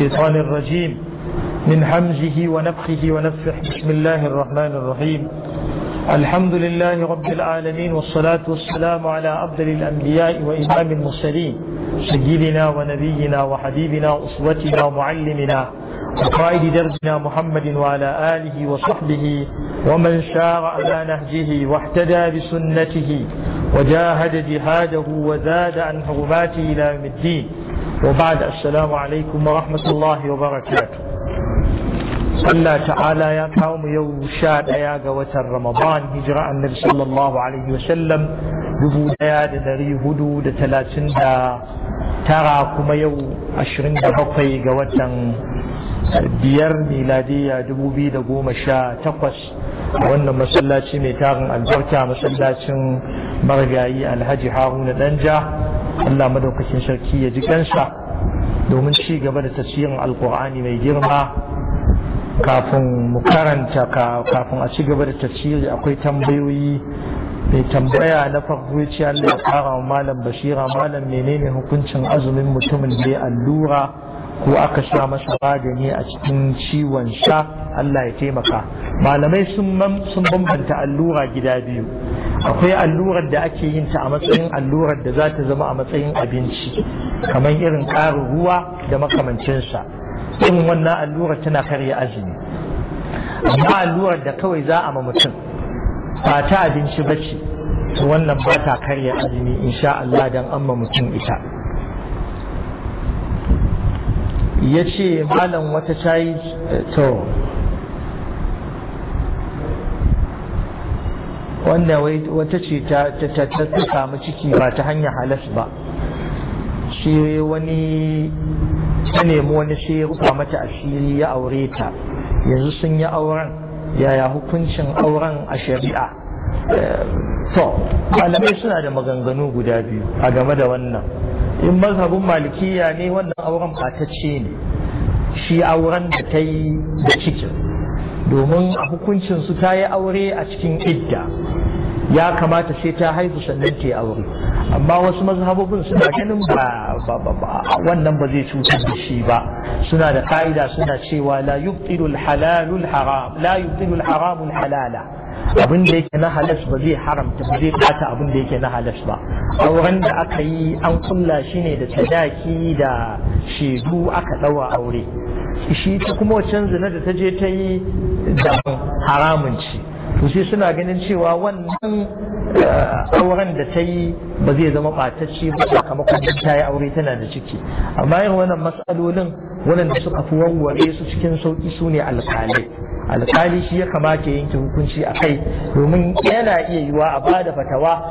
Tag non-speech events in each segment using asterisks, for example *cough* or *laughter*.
الشيطان الرجيم من حمزه ونفخه ونفح بسم الله الرحمن الرحيم الحمد لله رب العالمين والصلاة والسلام على أفضل الأنبياء وإمام المرسلين سيدنا ونبينا وحبيبنا وأسوتنا ومعلمنا وقائد درسنا محمد وعلى آله وصحبه ومن شار على نهجه واحتدى بسنته وجاهد جهاده وزاد عن حرماته إلى يوم الدين وبعد السلام عليكم ورحمة الله وبركاته الله تعالى يا قوم يوم شاد يا قوة رمضان هجرة النبي صلى الله عليه وسلم دبو دياد دري هدو دتلاتين دا ترى كما يو عشرين دا بقي قوة biyar miladiya dubu biyu da goma sha takwas wannan masallaci mai tarin albarka masallacin marigayi alhaji haruna danja Allah madaukakin sarki ya ji kansa domin ci gaba da tasirin alkur'ani mai girma kafin mu karanta kafin a ci gaba da tasiri akwai tambayoyi mai tambaya na farko ce Allah ya fara malam bashira malam menene hukuncin azumin mutumin da ya allura ko aka sha masa magani a cikin ciwon sha Allah ya taimaka malamai sun bambanta allura gida biyu akwai allurar da ake yin ta a matsayin allurar da za ta zama a matsayin abinci kamar irin ƙarin ruwa da makamancinsa irin wannan allurar tana karya azumi amma allurar da kawai za a ma mutum ba ta abinci ba ce wannan ba ta karya azumi insha Allah dan amma mutum ita ya ce malam wata cayi to wanda wata ce ta samu ciki ba ta hanyar halas ba shi wani ta nemi wani shi ya rufa mata asiri ya aure ta yanzu sun yi auren yaya hukuncin auren a shari'a eh, to malamai suna da maganganu guda biyu a game da wannan in mazhabin malikiya ne wannan auren batacce ne shi auren da ta yi da cikin domin a hukuncinsu ta yi aure a cikin idda ya kamata sai ta haihu sannan ta yi aure amma wasu mazhabobin suna ganin ba wannan ba zai cutar da shi ba suna da ka'ida suna cewa la yubtilul halalul haram la yubtilul haramul halala abin da yake na halas ba zai haramta ba zai bata abin da yake na halas ba auren da aka yi an kulla shi ne da sadaki da shaidu aka dawa aure shi ta kuma waccan zina da ta je ta yi da haramun ce to sai suna ganin cewa wannan eh, auren da ta yi ba zai zama ɓatacce ba sakamakon ta yi aure tana da ciki amma yin wannan matsalolin waɗanda suka fi warware su cikin sauƙi su ne alƙalai alƙali shi ya kamata yanke hukunci a kai domin yana iya yiwa a ba da fatawa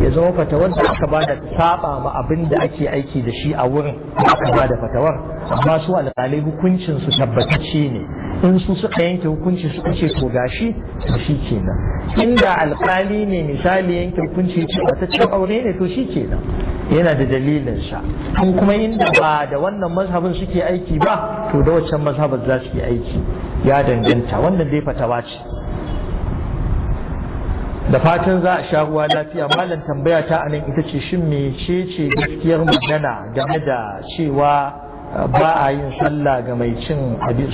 ya zama fatawar da aka ba da saba ma abin da ake aiki da shi a wurin aka ba da fatawar amma su alƙalai hukuncin su tabbatacce ne in su suka yanke hukunci su ce to gashi to shi nan, inda alkali ne misali yanke hukunci ce ba ta ce aure ne to shi kenan yana da dalilin sa kuma inda ba da wannan mazhabin suke aiki ba to da waccan mazhabin za su yi aiki ya danganta wannan dai fatawa ce da fatan za a sha ruwa lafiya malam tambaya ta anan ita ce shin ce ce gaskiyar magana game da cewa ba a yin sallah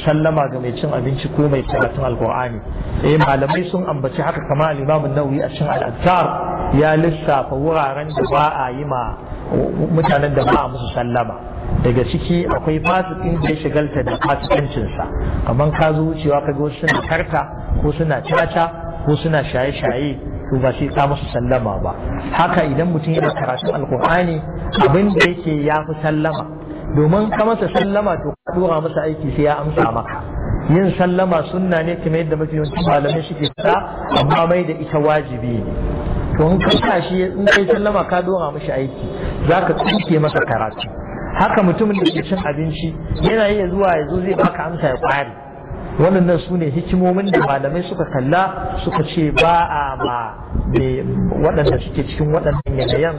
sallama ga mai cin abinci ko mai karatun alkur'ani eh malamai sun ambaci haka kamar al nauyi a cin al'adar ya lissafa wuraren da ba a yi ma mutanen da ba a musu sallama daga ciki akwai fasikin da ya shigalta da fasikancinsa kamar ka zo wucewa ka ga suna karta ko suna caca ko suna shaye-shaye to ba sai ka musu sallama ba haka idan mutum yana karatun alkur'ani abin da yake ya fi sallama domin ka masa sallama to ka dora masa aiki sai ya amsa maka yin sallama sunna ne kamar yadda mafi yawancin malamai suke sa amma mai da ita wajibi ne to in ka tashi in kai sallama ka dora mashi aiki zaka ka masa karatu haka mutumin da ke cin abinci yana iya zuwa ya zo zai baka amsa ya kware waɗannan su ne hikimomin da malamai suka kalla suka ce ba a ma waɗanda suke cikin waɗannan yanayin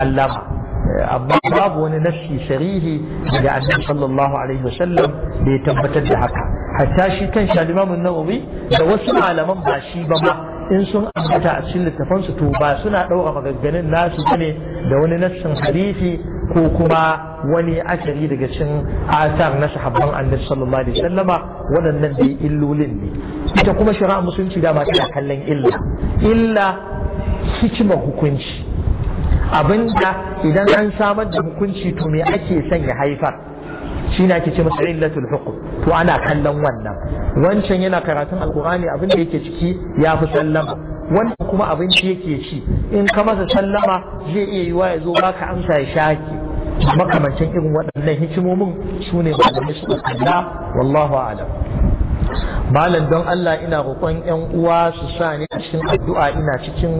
sallama amma babu wani nafsi sharihi da annabi sallallahu alaihi wasallam da ya tabbatar da haka hatta shi kan shalimamun nawawi da wasu malaman ba shi ba ma in sun ambata a cikin su to ba suna ɗaura maganganun nasu bane da wani nafsin hadisi ko kuma wani asari daga cikin asar na sahabban annabi sallallahu alaihi wasallama waɗannan dai illolin ne ita kuma shari'a musulunci dama tana kallon illa illa hikimar hukunci abinda idan an samar da hukunci to me ake son ya haifar shi ne ake ce masa illatul hukum to ana kallon wannan wancan yana karatun alkur'ani abin da yake ciki ya fi sallama wannan kuma abinci yake ci in ka masa sallama zai iya yiwa ya zo baka amsa ya shaki makamancin irin waɗannan hikimomin su ne ba malamai suka kalla wallahu a'lam malam don Allah ina roƙon 'yan uwa su sa ni a cikin addu'a ina cikin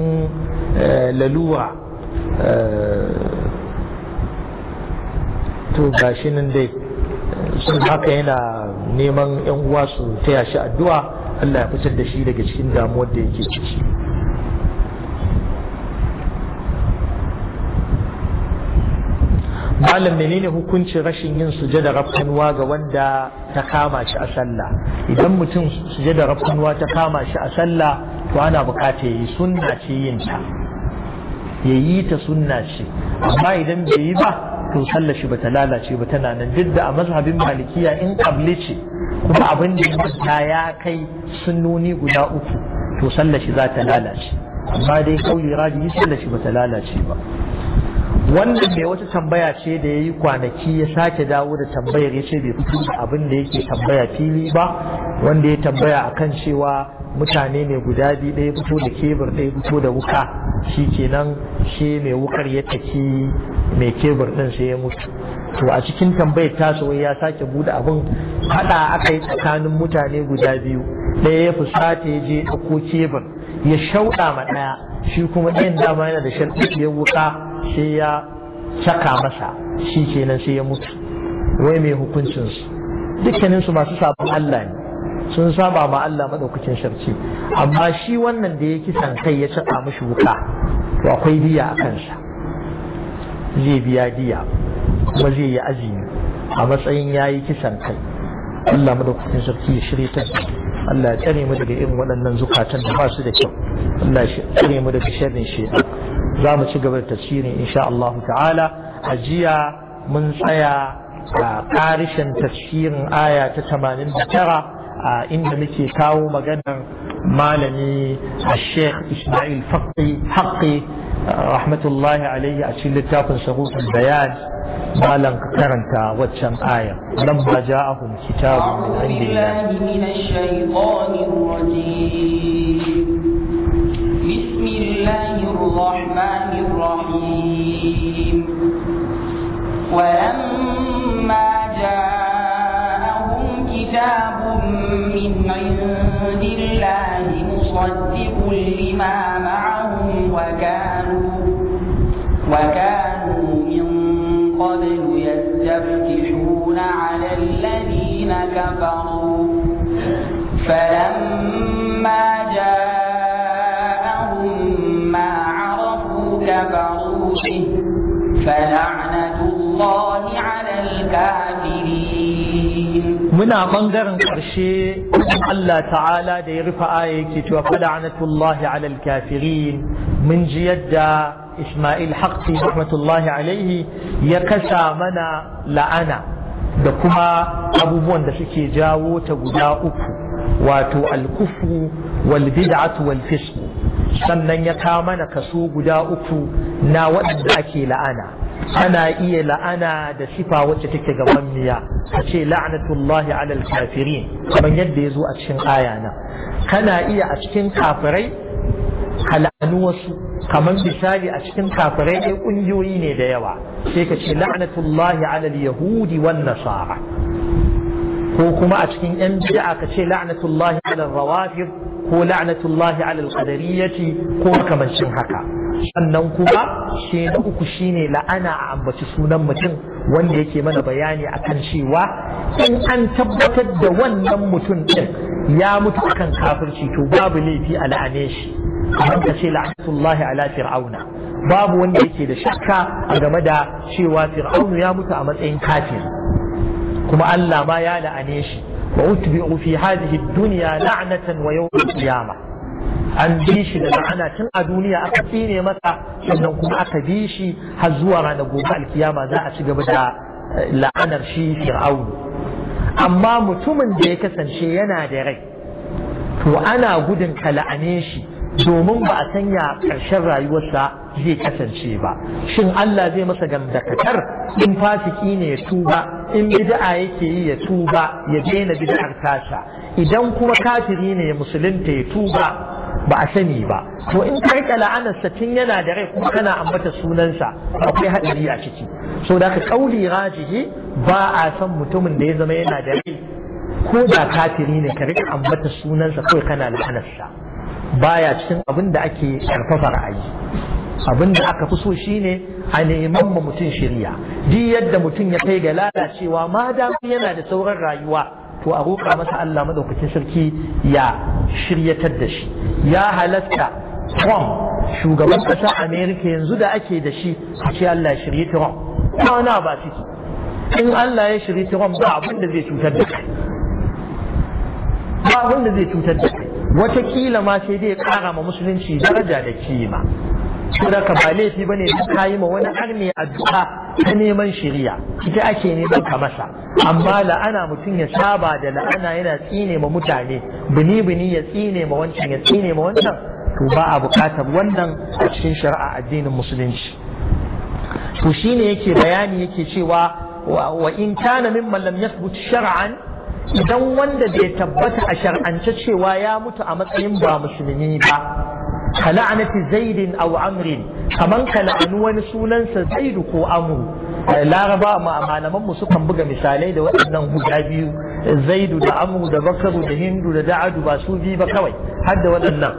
eh, lalura Eh, to ga shi nan dai sun haka yana neman yan uwa su taya shi addu'a Allah ya fitar da shi daga cikin damuwar da yake ciki malam menene hukuncin rashin yin sujada rafkanuwa ga wanda ta kama shi a sallah idan mutum sujada rafkanuwa ta kama shi a sallah to ana bukata yi sunna ce yin ta ya yi ta sunna ce amma idan bai yi ba to sallar shi bata lalace ba tana nan duk da a mazhabin malikiya in kabli ce kuma abin da ta ya kai sunnoni guda uku to sallar shi za ta lalace amma dai kauye raji sallar shi bata lalace ba wannan mai wata tambaya ce da ya yi kwanaki ya sake dawo da tambayar ya ce bai fito da abin da yake tambaya fili ba wanda ya tambaya akan cewa mutane ne guda biyu ɗaya fito da kebur ɗaya fito da wuka shi kenan shi mai wukar ya taki mai kebur ɗin sai ya mutu to a cikin tambayar tasu wai ya sake bude abun haɗa aka yi tsakanin mutane guda biyu ɗaya ya fusata ya je ɗauko kebur ya shauɗa ma ɗaya shi kuma ɗayan dama yana da sharɗi ya wuka sai ya caka masa shi kenan sai ya mutu wai mai hukuncinsu dukkaninsu masu sabon Allah ne sun saba ma Allah maɗaukakin sharci amma shi wannan da ya kisan kai ya cika mishi wuka to akwai diya a kansa zai biya diya kuma zai yi azumi a matsayin ya yi kisan kai Allah madaukakin sharci ya shirya ta Allah ya tsare mu daga irin waɗannan zukatan da ba su da kyau Allah ya tsare mu daga sharrin shi za mu ci gaba da tafsirin insha Allah ta'ala a jiya mun tsaya a ƙarishin tafsirin aya ta 89 a inda muke kawo maganar malami a sheikh ismail faƙi haƙi rahmatullahi alayhi a cikin littafin sahihul bayan malam karanta waccan aya lamma ja'ahum kitabun min indillahi بسم الله الرحمن الرحيم ولما كتاب من عند الله مصدق لما معهم وكانوا وكانوا من قبل يستفتحون على الذين كفروا فلما جاءهم ما عرفوا كفروا به فلعنة الله على الكافرين muna ɓangaren ƙarshe Allah ta'ala da ya rufe aya yake cewa fala'anatullahi alal kafirin mun ji yadda Ismail Haqqi rahmatullahi alaihi ya kasa mana la'ana da kuma abubuwan da suke jawo ta guda uku wato alkufu wal bid'atu wal fisq sannan ya kawo mana kaso guda uku na waɗanda ake la'ana ana iya la'ana da sifa wacce take gaban miya a ce la'anatullahi alal kafirin kamar yadda ya zo a cikin aya kana iya a cikin kafirai kalanu wasu kamar misali a cikin kafirai ɗaya ƙungiyoyi ne da yawa sai ka ce la'anatullahi alal yahudi wan nasara ko kuma a cikin yan bi'a ka ce la'anatullahi alal rawafid ko la'anatullahi alal qadariyati ko makamancin haka sannan kuma shi na uku shine la'ana a ambaci sunan mutum wanda yake mana bayani akan cewa in an tabbatar da wannan mutum din ya mutu akan kafirci to babu laifi a la'ane shi kamar ka ce la'anatullahi ala fir'auna babu wanda yake da shakka a game da cewa fir'aunu ya mutu a matsayin kafir kuma Allah ma ya la'ane shi wa utbi'u fi hadhihi ad-dunya la'natan wa yawm al-qiyamah an bi shi da la'ana tun a duniya aka tsine masa sannan kuma aka bi shi har zuwa ranar gobe alkiyama za a ci gaba da eh, la'anar shi fir'aun amma mutumin da ya kasance yana da rai to ana gudun ka la'ane shi domin ba a sanya ƙarshen rayuwarsa zai kasance ba shin Allah zai masa gamdakatar in fasiki ne ya tuba in bid'a yake yi ya tuba ya daina bid'ar tasa idan kuma kafiri ne ya musulunta ya tuba ba a sani ba to in ka rika la'anarsa tun yana da rai kuma kana ambata sunansa akwai haɗari a ciki so da ka kauli rajihi ba a san mutumin da ya zama yana da rai ko da kafiri ne ka rika ambata sunansa kawai kana la'anarsa baya cikin abin da ake karfafa ra'ayi abin da aka fi so shine a neman ma mutum shirya duk yadda mutum ya kai ga lalacewa ma da yana da sauran rayuwa to a roƙa masa Allah madaukakin sarki ya shiryatar da shi ya halatta Trump shugaban ƙasar Amerika yanzu da ake da shi a ce Allah ya shirye Trump wani ba ciki in Allah ya shirye Trump ba abin da zai cutar da kai ba abin da zai cutar da kai watakila ma sai dai ƙara ma musulunci daraja da kima saboda ka ba laifi bane da ka yi ma wani arme addu'a ta neman shirya. ita ake neman ka masa amma la'ana mutum ya saba da la'ana yana tsine ma mutane bini bini ya tsine ma wancan ya tsine ma wancan to ba a bukatar wannan a cikin shari'a addinin musulunci to shine yake bayani yake cewa wa in kana mimman lam yathbut shar'an idan wanda bai tabbata a shar'ance cewa ya mutu a matsayin ba musulmi ba kala'anati zaidin aw amrin kaman kala'anu wani sunansa zaidu ko amru eh, laraba ma malaman mu sukan buga misalai da waɗannan guda biyu zaidu da amru da bakaru da hindu da da'adu ba su bi ba kawai har da waɗannan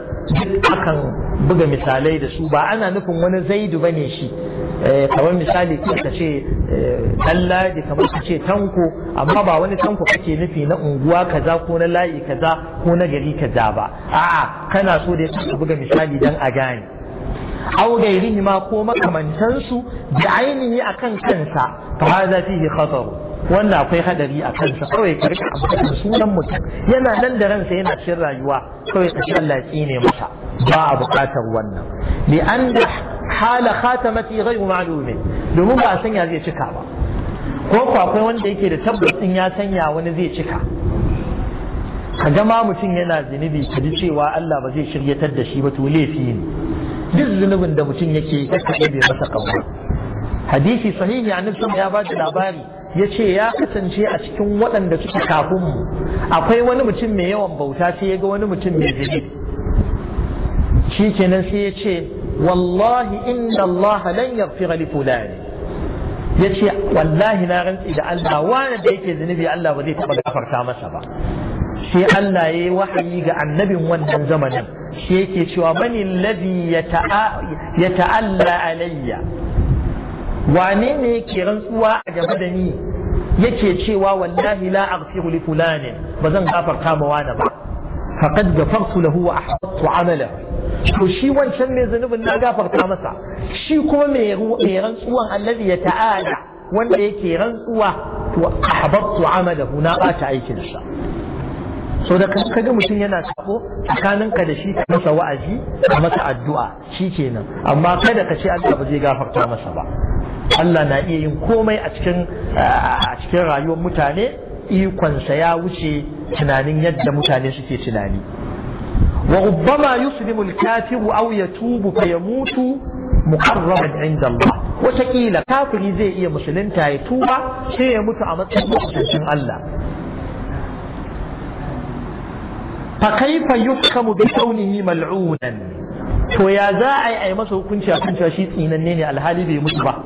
akan buga misalai da su ba ana nufin wani zaidu bane shi Eh, kamar misali ka ce eh, kamar ka ce tanko amma ba wani tanko kake nufi na unguwa kaza ko na layi kaza ko na gari kaza ba a'a kana so da ka buga misali dan a gane aw gairihi ma ko makamantansu da ainihi akan kansa fa hadha fihi khatar wannan akwai hadari a kansa kawai ka rika amfani sunan mutum yana nan da ransa yana cikin rayuwa kawai ka ci Allah ne masa ba a buƙatar wannan li an hala khatamati ghayru ma'lumin domin ba a sanya zai cika ba ko ko akwai wanda yake da tabbas din ya sanya wani zai cika ka gama mutum yana zunubi ka ji cewa Allah ba zai shiryatar da shi ba to laifi ne duk zunubin da mutum yake ya bai masa kauna hadisi sahihi annabi ya ba da labari ya ce ya kasance a cikin waɗanda suke kafin mu akwai wani mutum mai yawan bauta sai ya ga wani mutum mai zunubi shi kenan sai ya ce wallahi inna Allah lan yaghfira li fulani ya ce wallahi na rantsi da Allah wani da yake zunubi Allah ba zai taɓa gafarta masa ba sai Allah ya yi wahayi ga annabin wannan zamanin shi yake cewa mani alladhi ya ta'alla alayya wane ne yake rantsuwa a gaba da ni yake cewa wallahi la aghfiru li fulani ba zan gafarta ma wani ba faqad ghafartu lahu wa ahbattu amala to shi wancan mai zanubin na gafarta masa shi kuma mai rantsuwan allazi ya ta'ala wanda yake rantsuwa to ahbattu amalahu na bata aikin sa so da ga mutum yana saɓo tsakaninka da shi ka masa wa'azi ka masa addu'a shi kenan amma kada ka ce Allah ba zai gafarta masa ba Allah na iya yin komai a cikin a cikin rayuwar mutane ikonsa ya wuce tunanin yadda mutane suke tunani wa ubbama yuslimu al-kafiru aw yatubu fa yamutu muqarraban inda Allah wataƙila kafiri zai iya musulunta ya tuba sai ya mutu a matsayin mutuncin Allah fa kaifa yuhkamu bi kaunihi mal'unan to ya za a yi masa hukunci a kan cewa shi tsinanne ne alhali bai mutu ba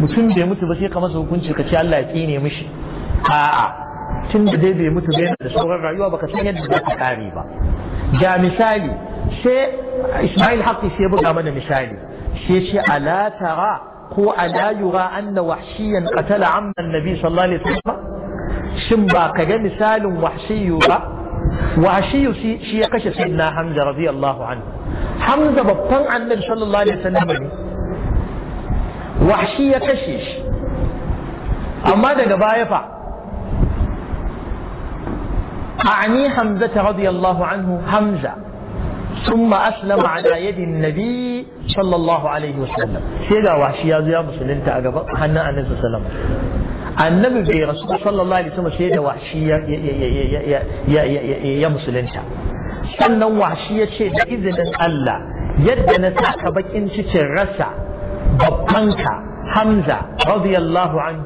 mutum bai mutu ba sai ka masa hukunci ka ce Allah ya tsine mishi a'a tun da dai bai mutu bai yana da sauran rayuwa baka san yadda za ka kare ba ga misali sai Ismail Haqqi sai buga mana misali sai ce ala tara ko ala yura anna wahshiyan qatala amman nabi sallallahu alaihi wasallam shin ba ka ga misalin wahshiyu ba wahshiyu shi ya kashe sayyidina Hamza radiyallahu anhu Hamza babban annabi sallallahu alaihi wasallam ne wahshi ya kashe shi amma daga baya fa a'ani hamza radiyallahu anhu hamza ثم أسلم على يد النبي صلى الله عليه وسلم سيدا وحشي يا زيا مسلم تأجب حنا أن النبي صلى النبي برسول صلى الله عليه وسلم سيدا وحشي يا يا يا يا مسلم sannan washi ya ce da izinin Allah yadda na saka bakin cikin rasa babbanka hamza radiyallahu anhu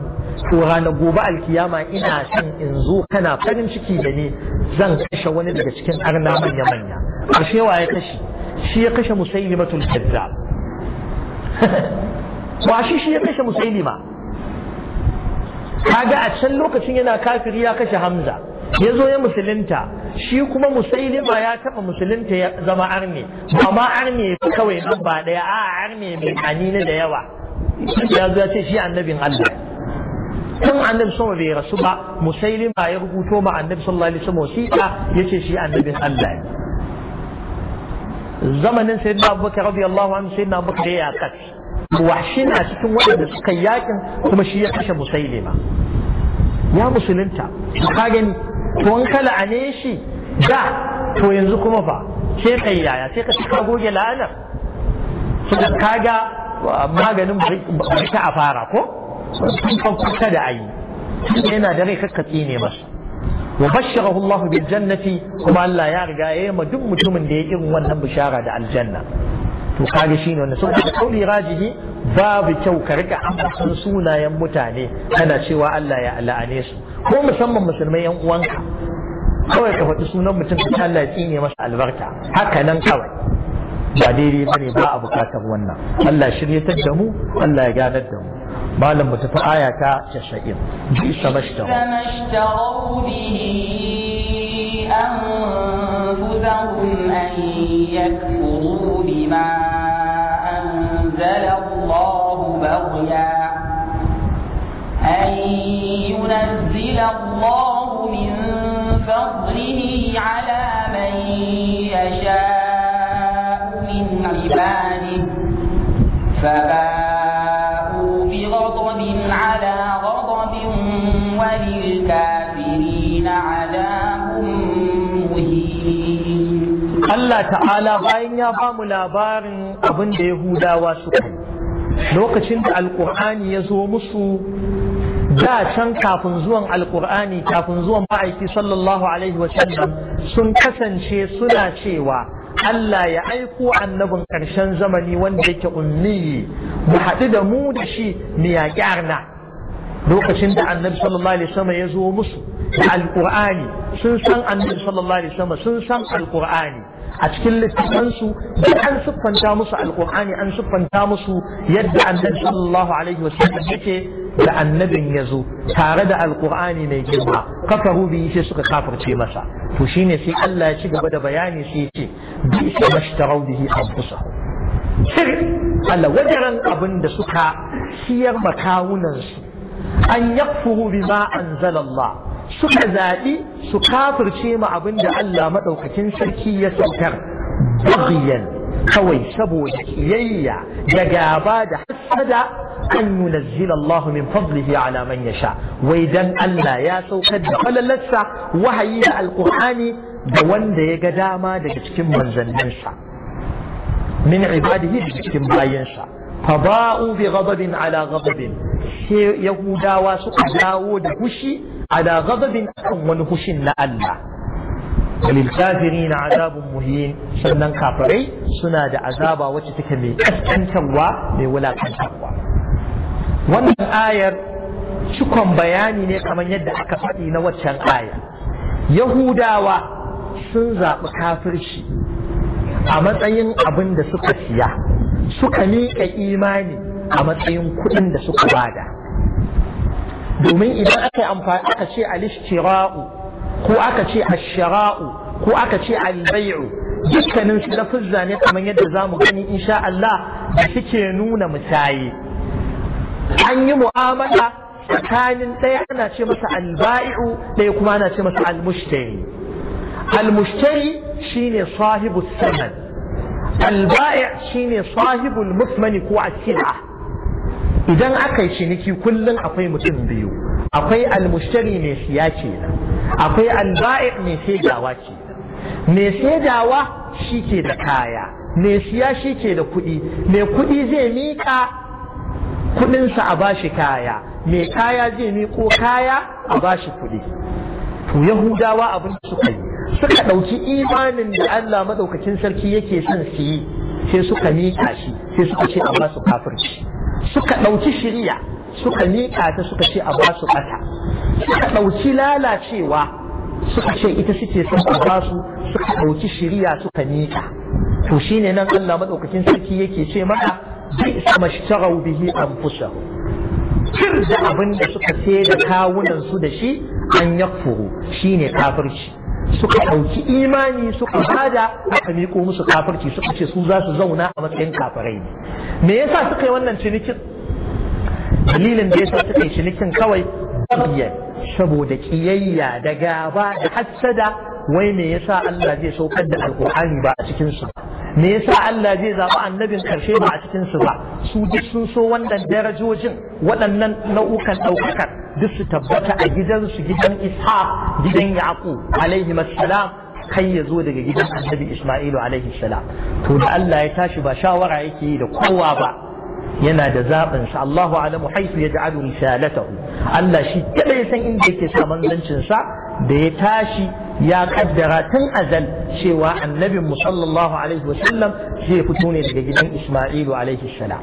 to ranar gobe alkiyama ina son in zo kana farin ciki da ni zan kashe wani daga cikin arna manya manya karshe wa ya kashe shi ya kashe musailimatul kazzab ba *laughs* shi shi ya kashe musailima kaga a can lokacin yana kafiri ya kashe hamza ya zo ya musulunta shi kuma musailima ya taba musulunta ya zama arme ba ma arme kawai nan ba ɗaya. a arme mai kanina da yawa ya zo ya ce shi annabin Allah tun annabi sama bai rasu ba musailima ya rubuto ma annabi sallallahu alaihi wasallam wasiƙa ce shi annabin Allah zamanin zamanin sayyidina Abubakar radiyallahu anhu sayyidina Abubakar ya kace shi na cikin waɗanda suka yakin kuma shi ya kashe musailima ya musulunta ka gani to in ka la'ane shi da to yanzu kuma fa Ke ka yi yaya sai ka ka goge la'anar kaga maganin bai a fara ko sun kuka da ayi yana da rai kakkatsi ne masa wa basharahu Allah bil jannati kuma Allah ya riga ya ma duk mutumin da ya irin wannan bishara da aljanna to kaga shine wannan sun kauli rajihi babu kyau ka rika ambatan sunayen mutane ana cewa Allah ya la'ane su ko musamman musulmai yan uwanka kawai ka faɗi sunan mutum ka Allah ya tsine masa albarka haka nan kawai ba daidai bane ba a bukatar wannan Allah shiryatar da mu Allah ya ganar da mu malam mu tafi aya ta 90 bi samashtaru أنفسهم أن يكفروا بما أنزل الله بغيا أن ينزل الله من فضله على من يشاء من عباده فباءوا بغضب على غضب وللكافرين عذاب مهين الله تعالى باين يا بام labarin abin da Yahudawa suka yi lokacin da alkur'ani ya zo musu da can kafin zuwan alkur'ani kafin zuwan ma'aiki sallallahu alaihi wa sallam sun kasance suna cewa Allah ya aiko annabin ƙarshen zamani wanda yake ummiyi mu haɗu da mu da shi mu yaƙi arna lokacin da annabi sallallahu alaihi wasallam ya zo musu da alkur'ani sun san annabi sallallahu alaihi wasallam sun san alkur'ani a cikin littafansu da an siffanta musu alkur'ani an siffanta musu yadda annabi sallallahu alaihi wasallam yake da annabin ya zo tare da alkur'ani mai girma kafaru biyu sai suka kafirce masa to shine sai Allah ya ci gaba da bayani sai yace ce bi sai mashtarau bihi anfusahum sir Allah wajaran abin da suka siyar makawunansu an yakfuru bima anzalallah suka zaɓi su kafirce mu abin da Allah maɗaukakin sarki ya saukar bagiyan kawai saboda kiyayya da gaba da hasada an yunazzila Allah min fadlihi ala man yasha wai dan Allah ya saukar da falalarsa wahayi da alqur'ani da wanda ya ga dama daga cikin manzanninsa min ibadihi daga cikin bayansa faba'u bi ghadabin ala ghadabin sai yahudawa suka dawo da kushi ala ghadabin akan wani hushin na Allah walil kafirin azabin muhin sannan kafarai suna da azaba wacce take mai kaskantarwa mai wulakantarwa wannan ayar cikon bayani ne kamar yadda aka faɗi na waccan aya yahudawa sun zaɓi kafirci a matsayin abin da suka siya suka miƙa imani a matsayin kuɗin da suka bada domin idan aka yi amfani aka ce alishtira'u ko aka ce ashara'u ko aka ce albai'u dukkanin su lafuzza ne kamar yadda za mu gani insha Allah da suke nuna misaye an yi mu'amala tsakanin ɗaya ana ce masa alba'i'u ɗaya kuma ana ce masa almushtari almushtari shine sahibu saman alba'i' shine sahibul musmani ko asila idan aka yi ciniki kullum akwai mutum biyu akwai almushtari mai siya ce akwai alba'i mai sejawa ce mai sejawa shi ke da kaya mai siya shi ke da kuɗi mai kuɗi zai miƙa kuɗinsa a bashi kaya mai kaya zai miƙo kaya a bashi kuɗi to yahudawa abin suka yi suka ɗauki imanin da Allah madaukakin sarki yake son su yi sai suka miƙa shi sai suka ce a basu kafirci suka ɗauki shirya suka miƙa ta suka ce a ba su ɓata suka ɗauki lalacewa suka ce ita suke son a ba su suka ɗauki shirya suka miƙa to shine nan Allah maɗaukakin sarki yake ce mana bi sama shtarau bihi anfusahum kir da abin da suka sai da kawunan su da shi an yakfuru shine kafirci suka ɗauki imani suka bada aka miko musu kafirci suka ce su za su zauna a matsayin kafirai ne me yasa suka yi wannan cinikin dalilin da yasa suka yi cinikin kawai biyar. saboda ƙiyayya da gaba da hassada wai me yasa Allah zai saukar da alkur'ani ba a cikin su me yasa Allah zai zaɓi annabin karshe ba a cikin su ba su duk sun so wannan darajojin waɗannan nau'ukan ɗaukakar duk su tabbata a gidansu gidan Ishaq gidan yaƙu alaihi assalam kai ya zo daga gidan annabi Ismailu alaihi salam to da Allah ya tashi ba shawara yake yi da kowa ba yana da zaɓin sa Allahu alamu haisu ya risalatahu Allah shi kada san inda yake sa manzancin sa da ya tashi ya kaddara tun azal cewa annabin mu sallallahu alaihi zai fito ne daga gidan Isma'ilu alaihi salam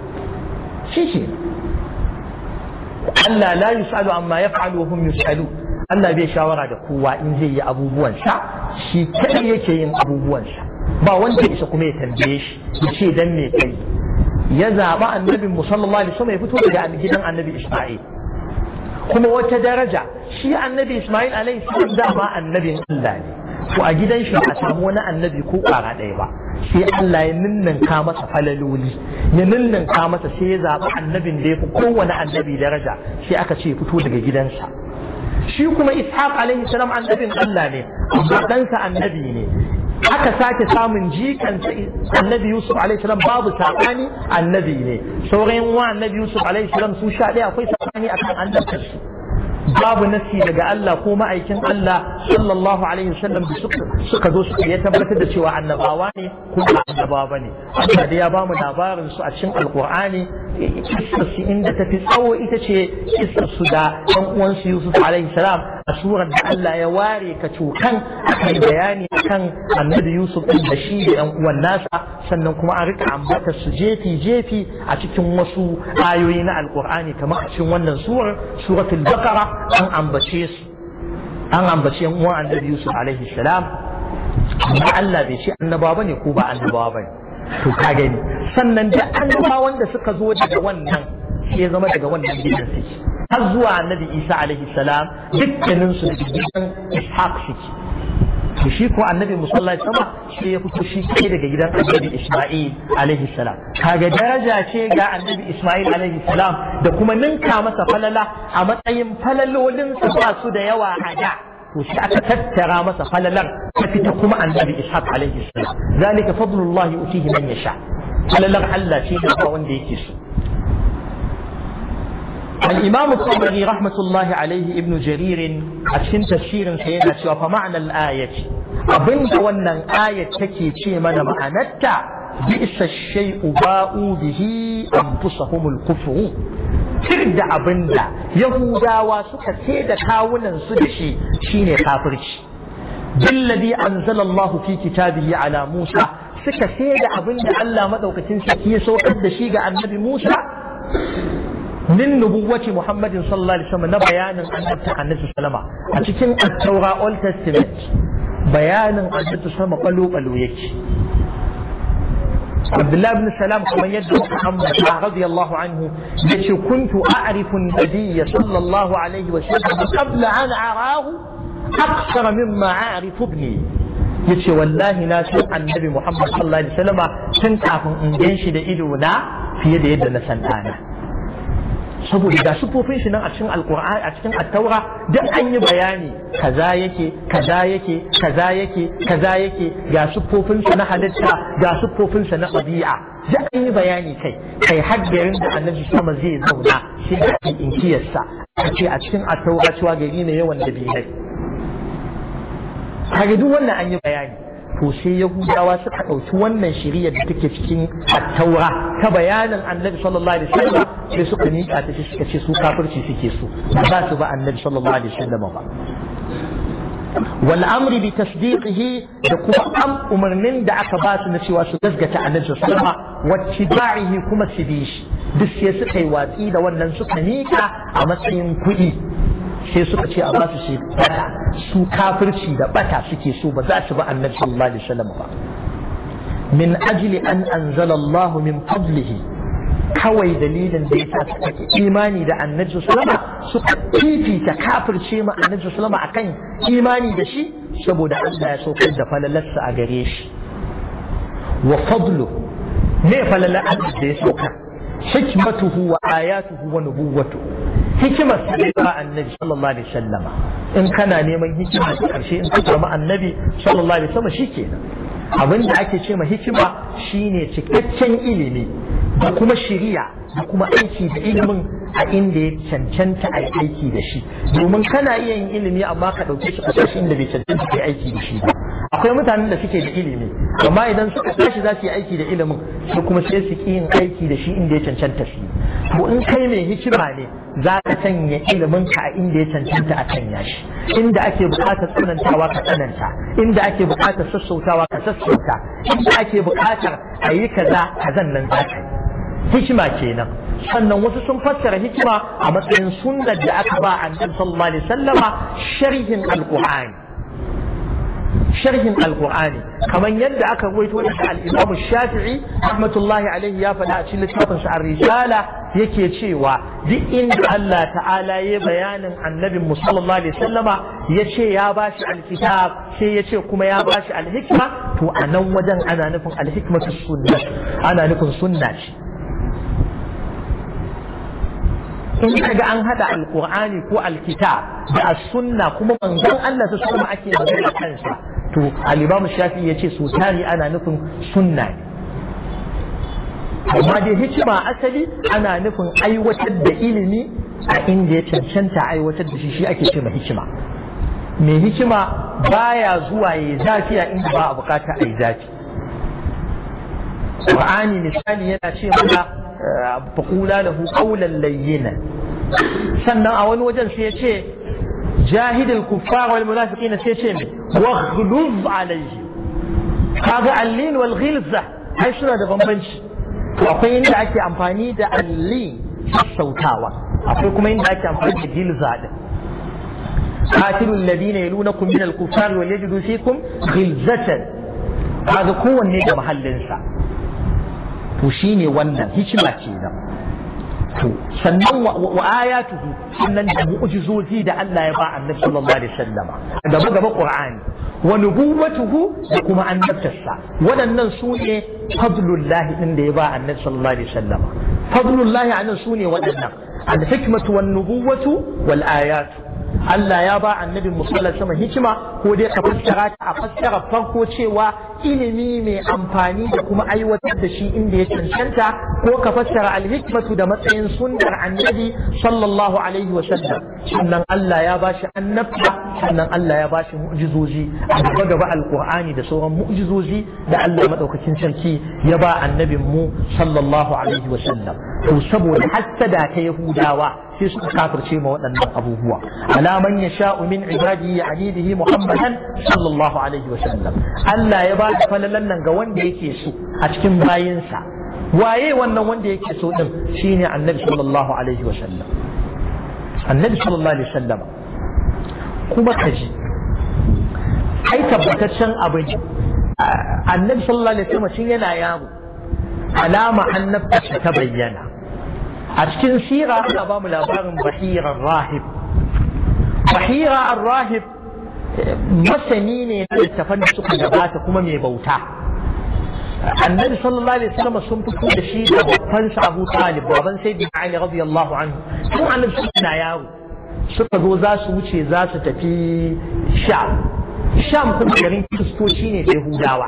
shi shi Allah la yus'alu amma yaf'alu wa hum yus'alu Allah bai shawara da kowa in zai yi abubuwan sa shi kadai yake yin abubuwan sa ba wanda isa kuma ya tambaye shi ya ce dan me kai ya zaɓi annabin mu sallallahu alaihi ya fito daga gidan annabi Isma'il kuma wata daraja shi annabi Isma'il alaihi salam ba annabin Allah ne to a gidan shi a samu wani annabi ko ƙara ɗaya ba sai Allah ya ninninka masa falaloli ya ninninka masa sai ya zaɓi annabin da ya fi kowane annabi daraja sai aka ce fito daga gidansa shi kuma ishaq alaihi salam annabin Allah ne amma ɗansa annabi ne aka sake samun jikan annabi yusuf alaihi salam babu sabani annabi ne sauran wa annabi yusuf alaihi salam su sha ɗaya akwai sabani akan annabci babu nasi daga Allah ko ma'aikin Allah sallallahu alaihi wasallam suka zo suka ya tabbatar da cewa annabawa ne ko ba annabawa ne. Allah da ya ba mu labarin su a cikin alqur'ani kissar su inda ta fi tsawo ita ce kissar su da ɗan uwan su Yusuf alaihi salam a surar da Allah ya ware ka cokan akan bayani kan annabi Yusuf din da shi da ɗan uwan nasa sannan kuma an rika ambata su jefi jefi a cikin wasu ayoyi na alqur'ani kamar a cikin wannan surar suratul baqara an ambace su an ambace yan uwan annabi Yusuf alaihi salam amma Allah bai ce annaba bane ko ba annabawa bane to ka gani sannan duk annabawan da suka zo daga wannan sai zama daga wannan gidan suke har zuwa annabi Isa alaihi salam dukkanin su gidan Ishaq suke to shi ko annabi musalla sama shi ya fito shi kai daga gidan annabi isma'il alaihi salam kaga daraja ce ga annabi isma'il alaihi salam da kuma ninka masa falala a matsayin falalolin sa ba su da yawa a da to shi aka tattara masa falalar ta fita kuma annabi ishaq alaihi salam zalika fadlullahi utihi man yasha falalar Allah ce ga wanda yake so الإمام الطبري رحمة الله عليه ابن جرير أشن تفسير سينا شوى فمعنى الآية أبن دوانا آية تكي تيمنا معنتا بئس الشيء باءوا به أنفسهم الكفر da abin da Yahudawa suka ce da kawunansu da shi shine kafirci. Billadi anzalallahu fi ya ala Musa suka ce da abin Allah madaukakin sarki ya saukar da shi ga annabi Musa من نبوة محمد صلى الله عليه وسلم نبيان عن النبي صلى الله عليه أتكلم التوراة أول تستمت بيان عن النبي صلى الله عليه قلو قلو يكي عبد الله بن السلام كما يدعو محمد رضي الله عنه يكي كنت أعرف النبي صلى الله عليه وسلم قبل أن أراه أكثر مما أعرف ابني يكي والله ناس عن نبي محمد صلى الله عليه وسلم تنتعفن إنجيش إلونا في يد يد نسان saboda ga sufofin shi nan a cikin alkur'ani a cikin attaura duk an yi bayani kaza yake kaza yake kaza yake kaza yake ga sufofin sa na halitta ga sufofin sa na ɗabi'a duk an yi bayani kai kai haggarin da annabi sama zai zauna shi da ake inkiyarsa a ce a cikin attaura cewa gari ne yawan da bai kai duk wannan an yi bayani to yahudawa suka ɗauki wannan shari'a da take cikin attaura, ta bayanin annabi sallallahu alaihi wasallam sai suka miƙa ta suka ce su kafirci suke so ba su ba annabi sallallahu alaihi wasallam ba wal amri bi tasdiqihi da kuma am umarnin da aka ba su na cewa su gaskata annabi sallallahu alaihi wasallam kuma su bi shi duk sai suka yi watsi da wannan suka miƙa a matsayin kuɗi sai suka ce a ba su shi bata su kafirci da bata suke so ba za su ba annabi sallallahu alaihi wasallam ba min ajli an anzala Allah min fadlihi kawai dalilin da yasa suka imani da annabi sallallahu alaihi wasallam suka ta kafirce ma annabi sallallahu alaihi wasallam akan imani da shi saboda Allah ya saukar da falalarsa a gare shi wa fadlu ne falalar da ya sauka hikmatuhu wa ayatuhu wa nubuwwatuhu hikimar su ne ba annabi sallallahu alaihi sallama in kana neman hikima ta karshe in ka samu annabi sallallahu alaihi wasallama shikenan abin da ake ce ma hikima shine cikakken ilimi da kuma shiriya da kuma aiki da ilimin a inda ya cancanta a aiki da shi domin kana iya yin ilimi amma ka ɗauke shi a sashi inda bai cancanta ka aiki da shi ba akwai mutanen da suke da ilimi amma idan suka tashi za su yi aiki da ilimin su kuma sai su yin aiki da shi inda ya cancanta shi to in kai mai hikima ne za ka sanya ilimin ka a inda ya cancanta a sanya shi inda ake buƙatar tsanantawa ka tsananta inda ake buƙatar sassautawa ka sassauta inda ake buƙatar a yi kaza zan nan za ka hikima kenan sannan wasu sun fassara hikima a matsayin sunnar da aka ba annabi sallallahu alaihi wasallama sharhin alqur'ani sharhin alkur'ani kamar yadda aka ruwaito daga al-imam shafi'i rahmatullahi alaihi ya faɗa a cikin littafin sa ar-risala yake cewa duk inda Allah ta'ala ya bayanin annabin mu sallallahu alaihi wasallama yace ya bashi alkitab sai yace kuma ya bashi alhikma to a nan wajen ana nufin alhikmatu sunna ana nufin sunna ce in kaga an hada alkur'ani ko alkitab da as-sunna kuma manzon Allah ta sallama ake magana kansa to alibamu shafi ya ce so tari ana nufin sunna amma dai hikima asali ana nufin aiwatar da ilimi a inda ya cancanta aiwatar da shi shi ake ce hikima mai hikima baya zuwa ya zafi a inda ba a bukata a yi zafi Qur'ani misali yana ce mana faƙula da قولا لينا sannan a wani wajen sai ya ce جاهد الكفار والمنافقين سيشين واغلظ عليه هذا اللين والغلظة هاي شنو ده بمبنش akwai inda ake amfani da allin sassautawa akwai kuma inda ake amfani da gilza قاتلوا الذين يلونكم من الكفار وليجدوا فيكم غلزة هذا كون نجم حل وشيني ونن هيش ما كينا to sannan wa ayatuhu sannan da mu'jizozi da Allah ya ba annabi sallallahu alaihi wasallam gaba gaba qur'ani wa nubuwwatuhu da kuma annabtarsa waɗannan su ne fadlullah din da ya ba annabi sallallahu alaihi wasallam fadlullah anan su ne waɗannan al-hikmatu wan nubuwwatu wal ayatu Allah ya ba annabi musallar sama hikima ko dai ka fassara ta a fassara farko cewa ilimi mai amfani da kuma aiwatar da shi inda ya cancanta ko ka fassara alhikmatu da matsayin sunnar annabi sallallahu alaihi wa sallam sannan Allah ya ba shi annabta sannan Allah ya ba shi mu'jizoji a gaba gaba alqur'ani da sauran mu'jizoji da Allah madaukakin sarki ya ba annabin mu sallallahu alaihi wa sallam to saboda hassada ta yahudawa sai suka kafirce ma waɗannan abubuwa alaman ya sha'u min ibadi ya alidihi muhammadan sallallahu alaihi wa sallam Allah ya ba da falalan nan ga wanda yake so a cikin bayinsa waye wannan wanda yake so din shine annabi sallallahu alaihi wa sallam annabi sallallahu alaihi wa sallam kuma kaji ai tabbataccen abu ne annabi sallallahu alaihi wa sallam shi yana yaro alama annabta ta bayyana a cikin sira ana ba mu labarin bahira rahib bahira rahib masani ne na littafan da suka gabata kuma mai bauta annabi sallallahu alaihi wasallam sun fito da shi da babban sa Abu Talib baban sayyidina Ali radiyallahu anhu tun annabi na yaro suka zo za su wuce za su tafi Sham Sham kuma garin Kiristoci ne da Yahudawa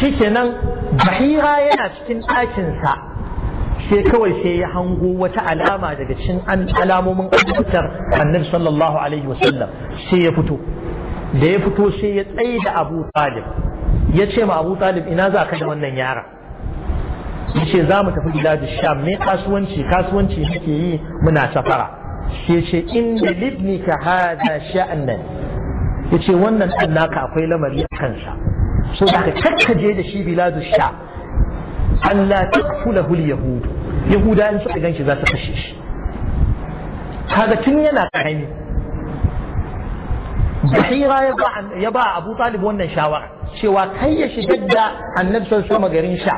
shikenan Bahira yana cikin ɗakinsa sai kawai sai ya hango wata alama daga cikin alamomin annabtar annabi sallallahu alaihi wasallam sai ya fito da ya fito sai ya tsaye da abu talib ya ce ma abu talib ina za ka da wannan yara ya ce za mu tafi gidajen sham ne kasuwanci kasuwanci nake yi muna safara sai ce inda ka hada sha'annan ya ce wannan ɗan naka akwai lamari a kansa so da ka je da shi biladu sha Allah ta kula hul yahudu yahudawan suka ganshi za su kashe shi kaga tun yana ƙarami, Bahira ya ba Abu Talib wannan shawara cewa kai ya shigar da annabi sallallahu garin sha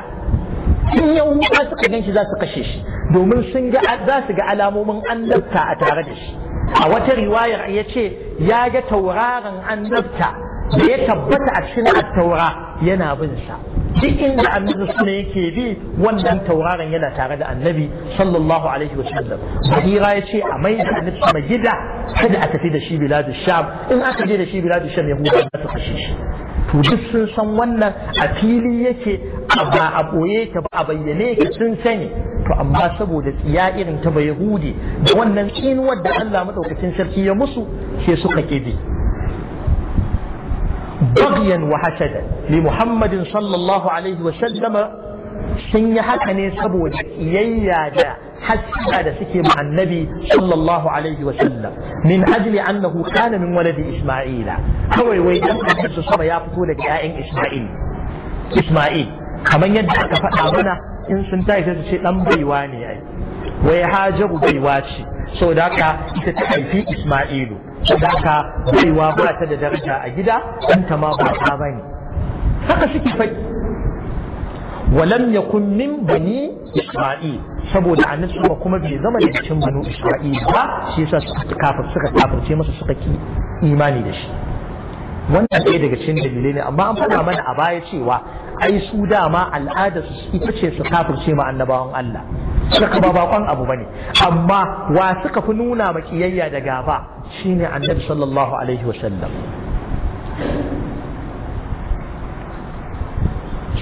in yahuda suka ganshi za su kashe shi domin sun ga za su ga alamomin annabta a tare da shi a wata riwayar ya ce ya ga tauraron annabta da ya tabbata a cikin taura yana bin sa duk inda annabi suna yake bi wannan tauraron yana tare da annabi sallallahu alaihi wasallam bahira ya ce a mai da annabi sama gida kada a tafi da shi biladu sham in aka je da shi biladu sham yahuda za su kashe shi to duk sun san wannan a fili yake ba a ɓoye ka, ba a bayyane ka sun sani to amma saboda tsiya irin ta ba yahudi da wannan tsinuwar da Allah madaukakin sarki ya musu sai suka kebe بغيا وحسدا لمحمد صلى الله عليه وسلم sun yi haka ne saboda kiyayya da haska da suke ma annabi sallallahu alaihi wa sallam min ajli annahu kana min waladi isma'ila kawai wai dan annabi sama ya fito daga 'ya'yan isma'il isma'il kamar yadda aka faɗa mana in sun tashi sai su ce dan baiwa ne ai wai hajaru baiwa ce saboda haka ita ta haifi isma'ilu sadaka baiwa ba ta da daraja a gida ɗanta ma ba ta bane haka suke faɗi ولم يكن min bani Isra'il? saboda annabi ba kuma bai zama da cikin banu Isra'ila ba shi yasa suka kafir suka kafirce masa suka ki imani da shi wannan ɗaya daga cikin dalilai ne amma an faɗa mana a baya cewa ai su dama al'ada su ita ce su kafirce ma annabawan Allah suka ba bakon abu bane amma wa suka fi nuna ma kiyayya da gaba shine annabi sallallahu alaihi wa sallam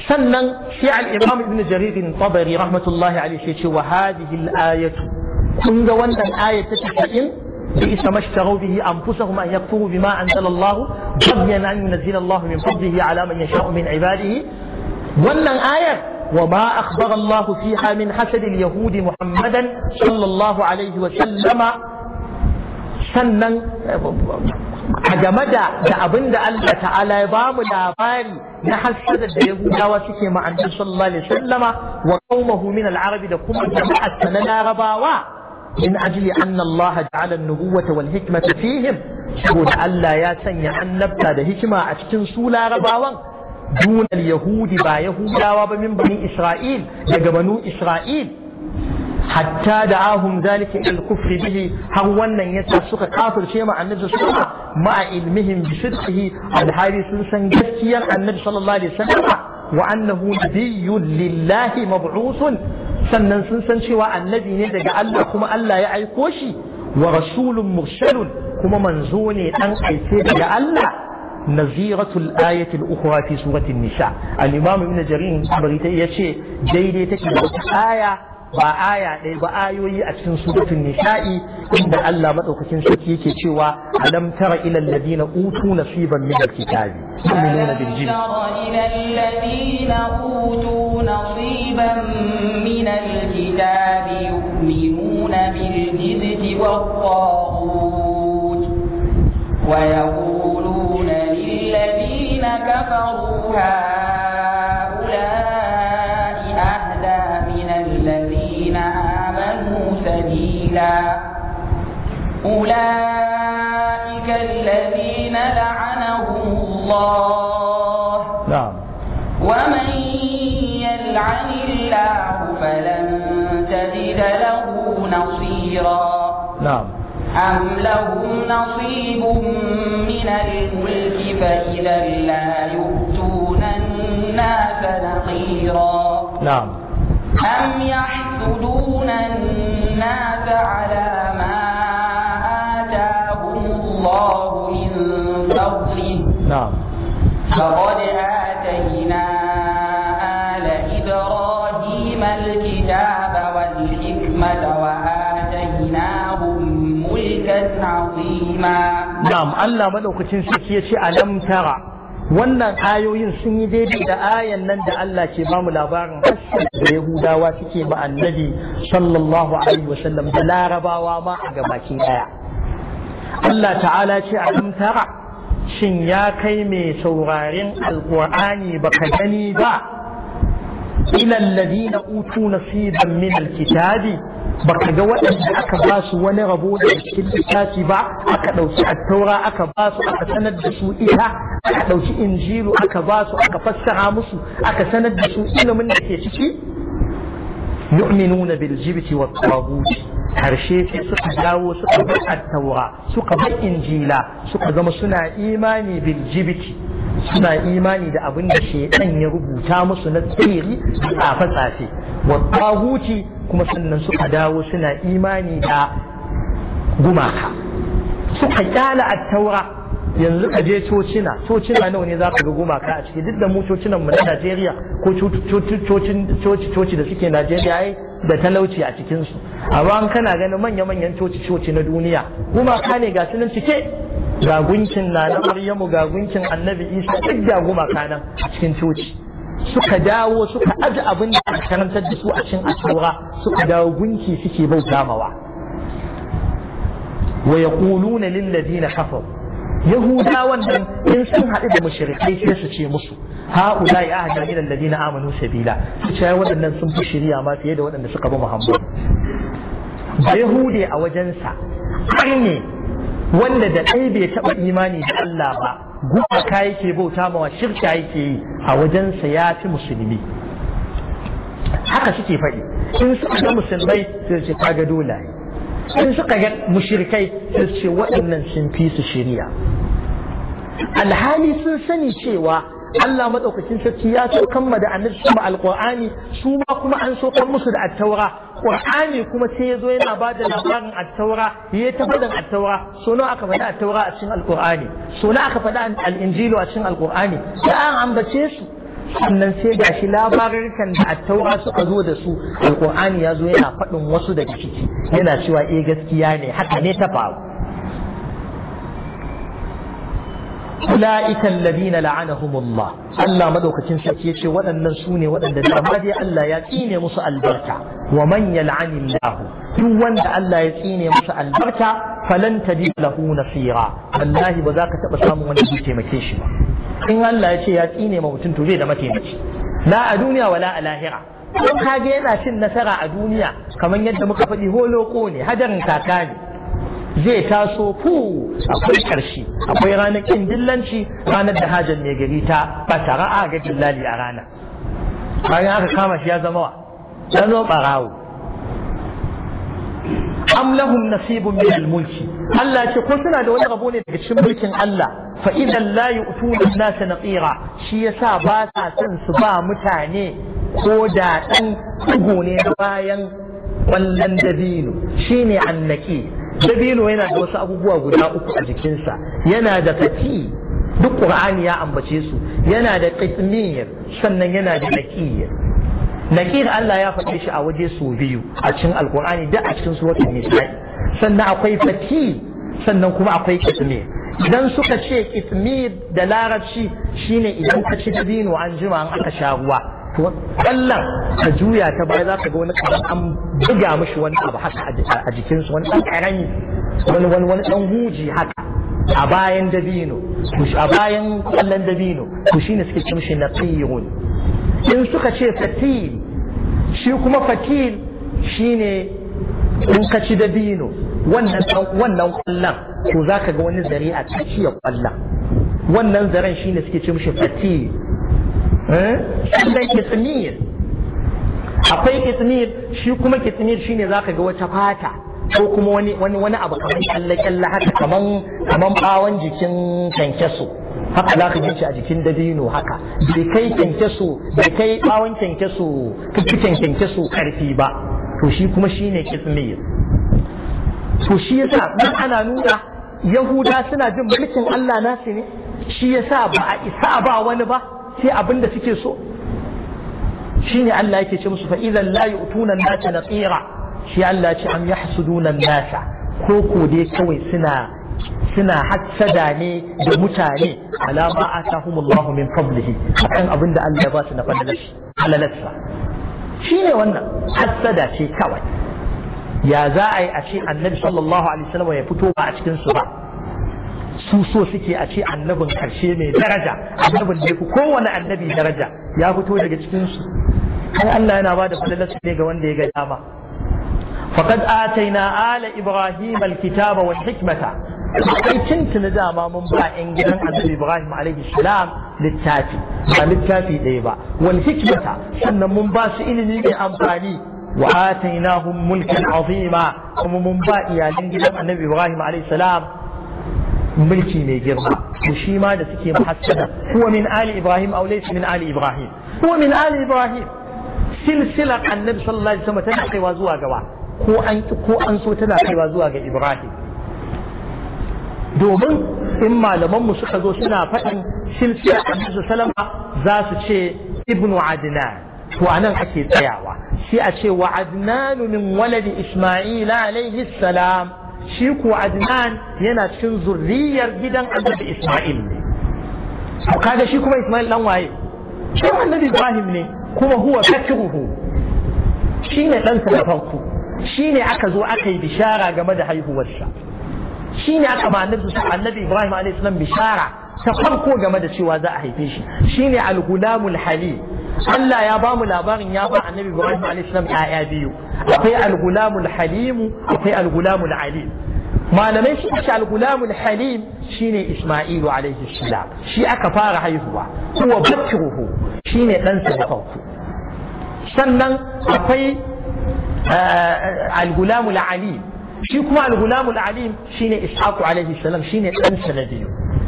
sannan shi al-imam ibn jarir tabari rahmatullahi alaihi ya ce wa hadhihi al-ayatu kun ga wannan ayatu ta 90 بئس ما اشتروا به أنفسهم أن يكفروا بما أنزل الله بغيا أن ينزل الله من فضله على من يشاء من عباده ولن آية وما أخبر الله فيها من حسد اليهود محمدا صلى الله عليه وسلم sannan a game da da abin da Allah ta'ala ya bamu labari na hasadar da Yahudawa suke ma annabi sallallahu alaihi wasallama wa qaumahu min al-arab da kuma jama'at na Larabawa In ajli annallaha Allah ta'ala an-nubuwata wal hikmata fihim saboda Allah ya sanya annabta da hikima a cikin su larabawan dun yahudi ba yahudawa ba min bani isra'il daga banu isra'il hatta da ahum zalika ila al-kufr bihi har wannan yasa suka kafirce ma annabi sallallahu ma'a ilmihim bi sidqihi al-hali sun san gaskiyar annabi sallallahu alaihi wasallam wa annahu nabiyyun lillahi mab'uthun sannan sun san cewa annabi ne daga Allah kuma Allah ya aiko shi wa rasulun mursalun kuma manzo ne dan aike daga Allah naziratul ayatul ukhra fi suratin nisa al-imam ibn jarir al-tabari yace daidai take da aya ba aya ɗaya ba ayoyi a cikin suratul nisa'i inda Allah madaukakin sarki yake cewa alam tara ila alladhina utu nasiban min alkitabi yu'minuna bil jinn ila alladhina utu nasiban min alkitabi yu'minuna bil jinn wa qawt wa yaquluna lil ladina kafaru أولئك الذين لعنهم الله نعم ومن يلعن الله فلن تجد له نصيرا نعم أم لهم نصيب من الملك فإذا لا يؤتون الناس نقيرا نعم أم يحسدون الناس على فقد آتينا آل إبراهيم الكتاب والحكمة وآتيناهم ملكا عظيما نعم الله ملوك تنسكي ألم ترى wannan ayoyin sun yi daidai da ayan nan da Allah ke bamu labarin hassan da Yahudawa suke ba annabi sallallahu alaihi wasallam da larabawa ma a gabakin daya Allah ta'ala ce a tara shin ya kai mai saurarin alƙur'ani ka gani ba ila alladhina utu nasiban min alkitabi ba ka ga waɗanda aka ba su wani rabo da cikin littafi ba aka ɗauki attaura aka ba su aka sanar da su ita aka ɗauki injilu aka ba su aka fassara musu aka sanar da su ilimin da ke ciki yu'minuna bil jibti wat taghut karshe sai suka dawo suka bar attaura suka bar injila suka zama suna imani bil jibiti suna imani da abin da shaitan ya rubuta musu na tsiri da tsafe tsafe wa tahuti kuma sannan suka dawo suna imani da gumaka suka kyala attaura yanzu ka je cocina cocina nawa ne za ka ga gumaka a ciki duk da mu cocinan mu na Najeriya ko coci da suke Najeriya ai da talauci a cikin su amma kana ganin manya-manyan coci coci na duniya gumaka ne ga sunan cike ga gunkin na na Maryamu ga gunkin Annabi Isa duk ga gumaka nan a cikin coci suka dawo suka aji abin da aka karantar da su a cikin asura suka dawo gunki suke bauta mawa wa yaquluna lil ladina kafaru yahudawan nan in sun haɗu da mushrikai sai su ce musu haula ya ahda min na amanu sabila su ce waɗannan sun fi shiriya ma fiye da waɗanda suka bi muhammad da yahude a wajensa ne wanda da ɗaya bai taɓa imani da Allah ba ka yake bauta mawa shirka yake yi a wajensa ya fi musulmi haka suke faɗi in suka ga musulmai sai su ce kaga dole Sun suka ga mushrikai sai ce waɗannan sun fi su shirya alhali sun sani cewa Allah maɗaukakin sarki ya so kamma da annabi kuma alqur'ani su ma kuma an so kan musu da attaura qur'ani kuma sai ya zo yana ba da labarin attaura ya ta faɗin attaura so nawa aka faɗi attaura a cikin alqur'ani so nawa aka faɗi al-injilu a cikin alqur'ani da an ambace su sannan sai ga shi labarurkan da attaura suka zo da su Al-Ƙur'ani ya zo yana faɗin wasu da ciki yana cewa eh gaskiya ne haka ne ta faru ula'ikan ladina la'anahumullah Allah madaukakin sarki yace waɗannan sune ne waɗanda da ma dai Allah ya tsine musu albarka wa man yal'ani Allah duk wanda Allah ya tsine musu albarka falan tajid lahu nasira wallahi ba za ka taɓa samun wanda zai taimake shi ba in Allah ya ce ya tsine ma mutum to zai da mataimaki la a duniya wala a lahira don kage yana cin nasara a duniya kamar yadda muka faɗi holoko ne hadarin kaka ne zai taso fu akwai karshe akwai ranar kin dillanci ranar da hajar mai gari ta bata ra'a ga dillali a rana bayan aka kama shi ya zama wa ya ɓarawo barawo am lahum nasibun min al-mulki Allah ce ko suna da wani rabo ne daga cikin mulkin Allah fa idan la yu'tuna an-nasa naqira shi yasa ba sa son su ba mutane ko da dan tugo ne bayan wallan dabino shine annaki dabino yana da wasu abubuwa guda uku a jikinsa yana da fati duk qur'ani ya ambace su yana da qitmir sannan yana da naqiyya nakir Allah ya faɗe shi a waje su biyu a cikin alkur'ani da a cikin suratul nisa'i sannan akwai fati sannan kuma akwai kitmir idan suka ce kitmir da larabci shine idan ka ci dabino an an aka sha ruwa to kallan ka juya ta baya zaka ga wani kaman an buga mishi wani abu haka a jikin su wani karami wani wani wani dan huji haka a bayan dabino a bayan kallon dabino to shine suke ce mishi naqiyun in suka ce fatil shi kuma fatil shine in ka ci dabino wannan wannan kwallon to ka ga wani zare a tsakiyar kwallon wannan zaren shine suke ce mishi fatil sannan eh? kitmir akwai kitmir shi kuma kitmir shine ka ga wata fata ko kuma wani abu kamar kyalle kyalle haka kaman kaman bawon jikin kankeso haka za ka shi a jikin dabino haka bai kai kyankyaso bai kai bawon kyankyaso kacikin kyankyaso karfi ba to shi kuma shine kismiyar. to shi yasa nan ana nuna yahuda suna jin mulkin Allah nasu ne shi yasa ba a isa ba wani ba sai abin da suke so shine Allah yake ce musu fa idan la yu'tuna an-nasa naqira shi Allah ya ce am yahsuduna an-nasa ko ko dai kawai suna suna hassada ne da mutane alama atahumullahu min fadlihi akan abin da Allah ya ba su na falalarsa shine wannan hassada ce kawai ya za a yi a ce annabi sallallahu alaihi wasallam ya fito ba a cikin su ba su so suke a ce annabin karshe mai daraja annabin da yafi kowane annabi daraja ya fito daga cikin su ai Allah yana bada da ne ga wanda ya ga dama faqad ataina ala ibrahim alkitaba wal hikmata kai tuntuni dama mun ba yan gidan annabi ibrahim alaihi salam littafi ba littafi ɗaya ba Wani hikmata sannan mun ba su ilimi mai amfani wa atainahum mulkan azima kuma mun ba iyalin gidan annabi ibrahim alaihi salam mulki mai girma da shi ma da suke muhassada huwa min ali ibrahim aw laysa min ali ibrahim huwa min ali ibrahim silsilar annabi sallallahu alaihi wasallam tana kaiwa zuwa gaba ko an ko an so tana kaiwa zuwa ga ibrahim domin in malamanmu suka zo suna faɗin silsila annabi salama za su ce ibnu adnan to anan ake tsayawa shi a ce wa adnan min waladi isma'ila alaihi salam shi ku adnan yana cikin zurriyar gidan annabi isma'il ne to kaga shi kuma isma'il dan waye shi annabi ibrahim ne kuma huwa katruhu shine ɗansa na farko shine aka zo aka yi bishara game da haihuwarsa Shi ne aka ba annabi annabi Ibrahim A.S. bishara ta farko game da cewa za a haife shi shine al-gulamul halim Allah ya ba mu labarin ya ba annabi Ibrahim A.S. salam biyu akwai al-gulamul Halimu. akwai al-gulamul alim malamai shi ce al-gulamul halim shine Isma'ilu alayhi salam shi aka fara haihuwa kuwa bakruhu shine ne sa na farko sannan akwai eh, al-gulamul alim shi kuma al-gulam al-alim shine ishaq alaihi salam shine dan sanadi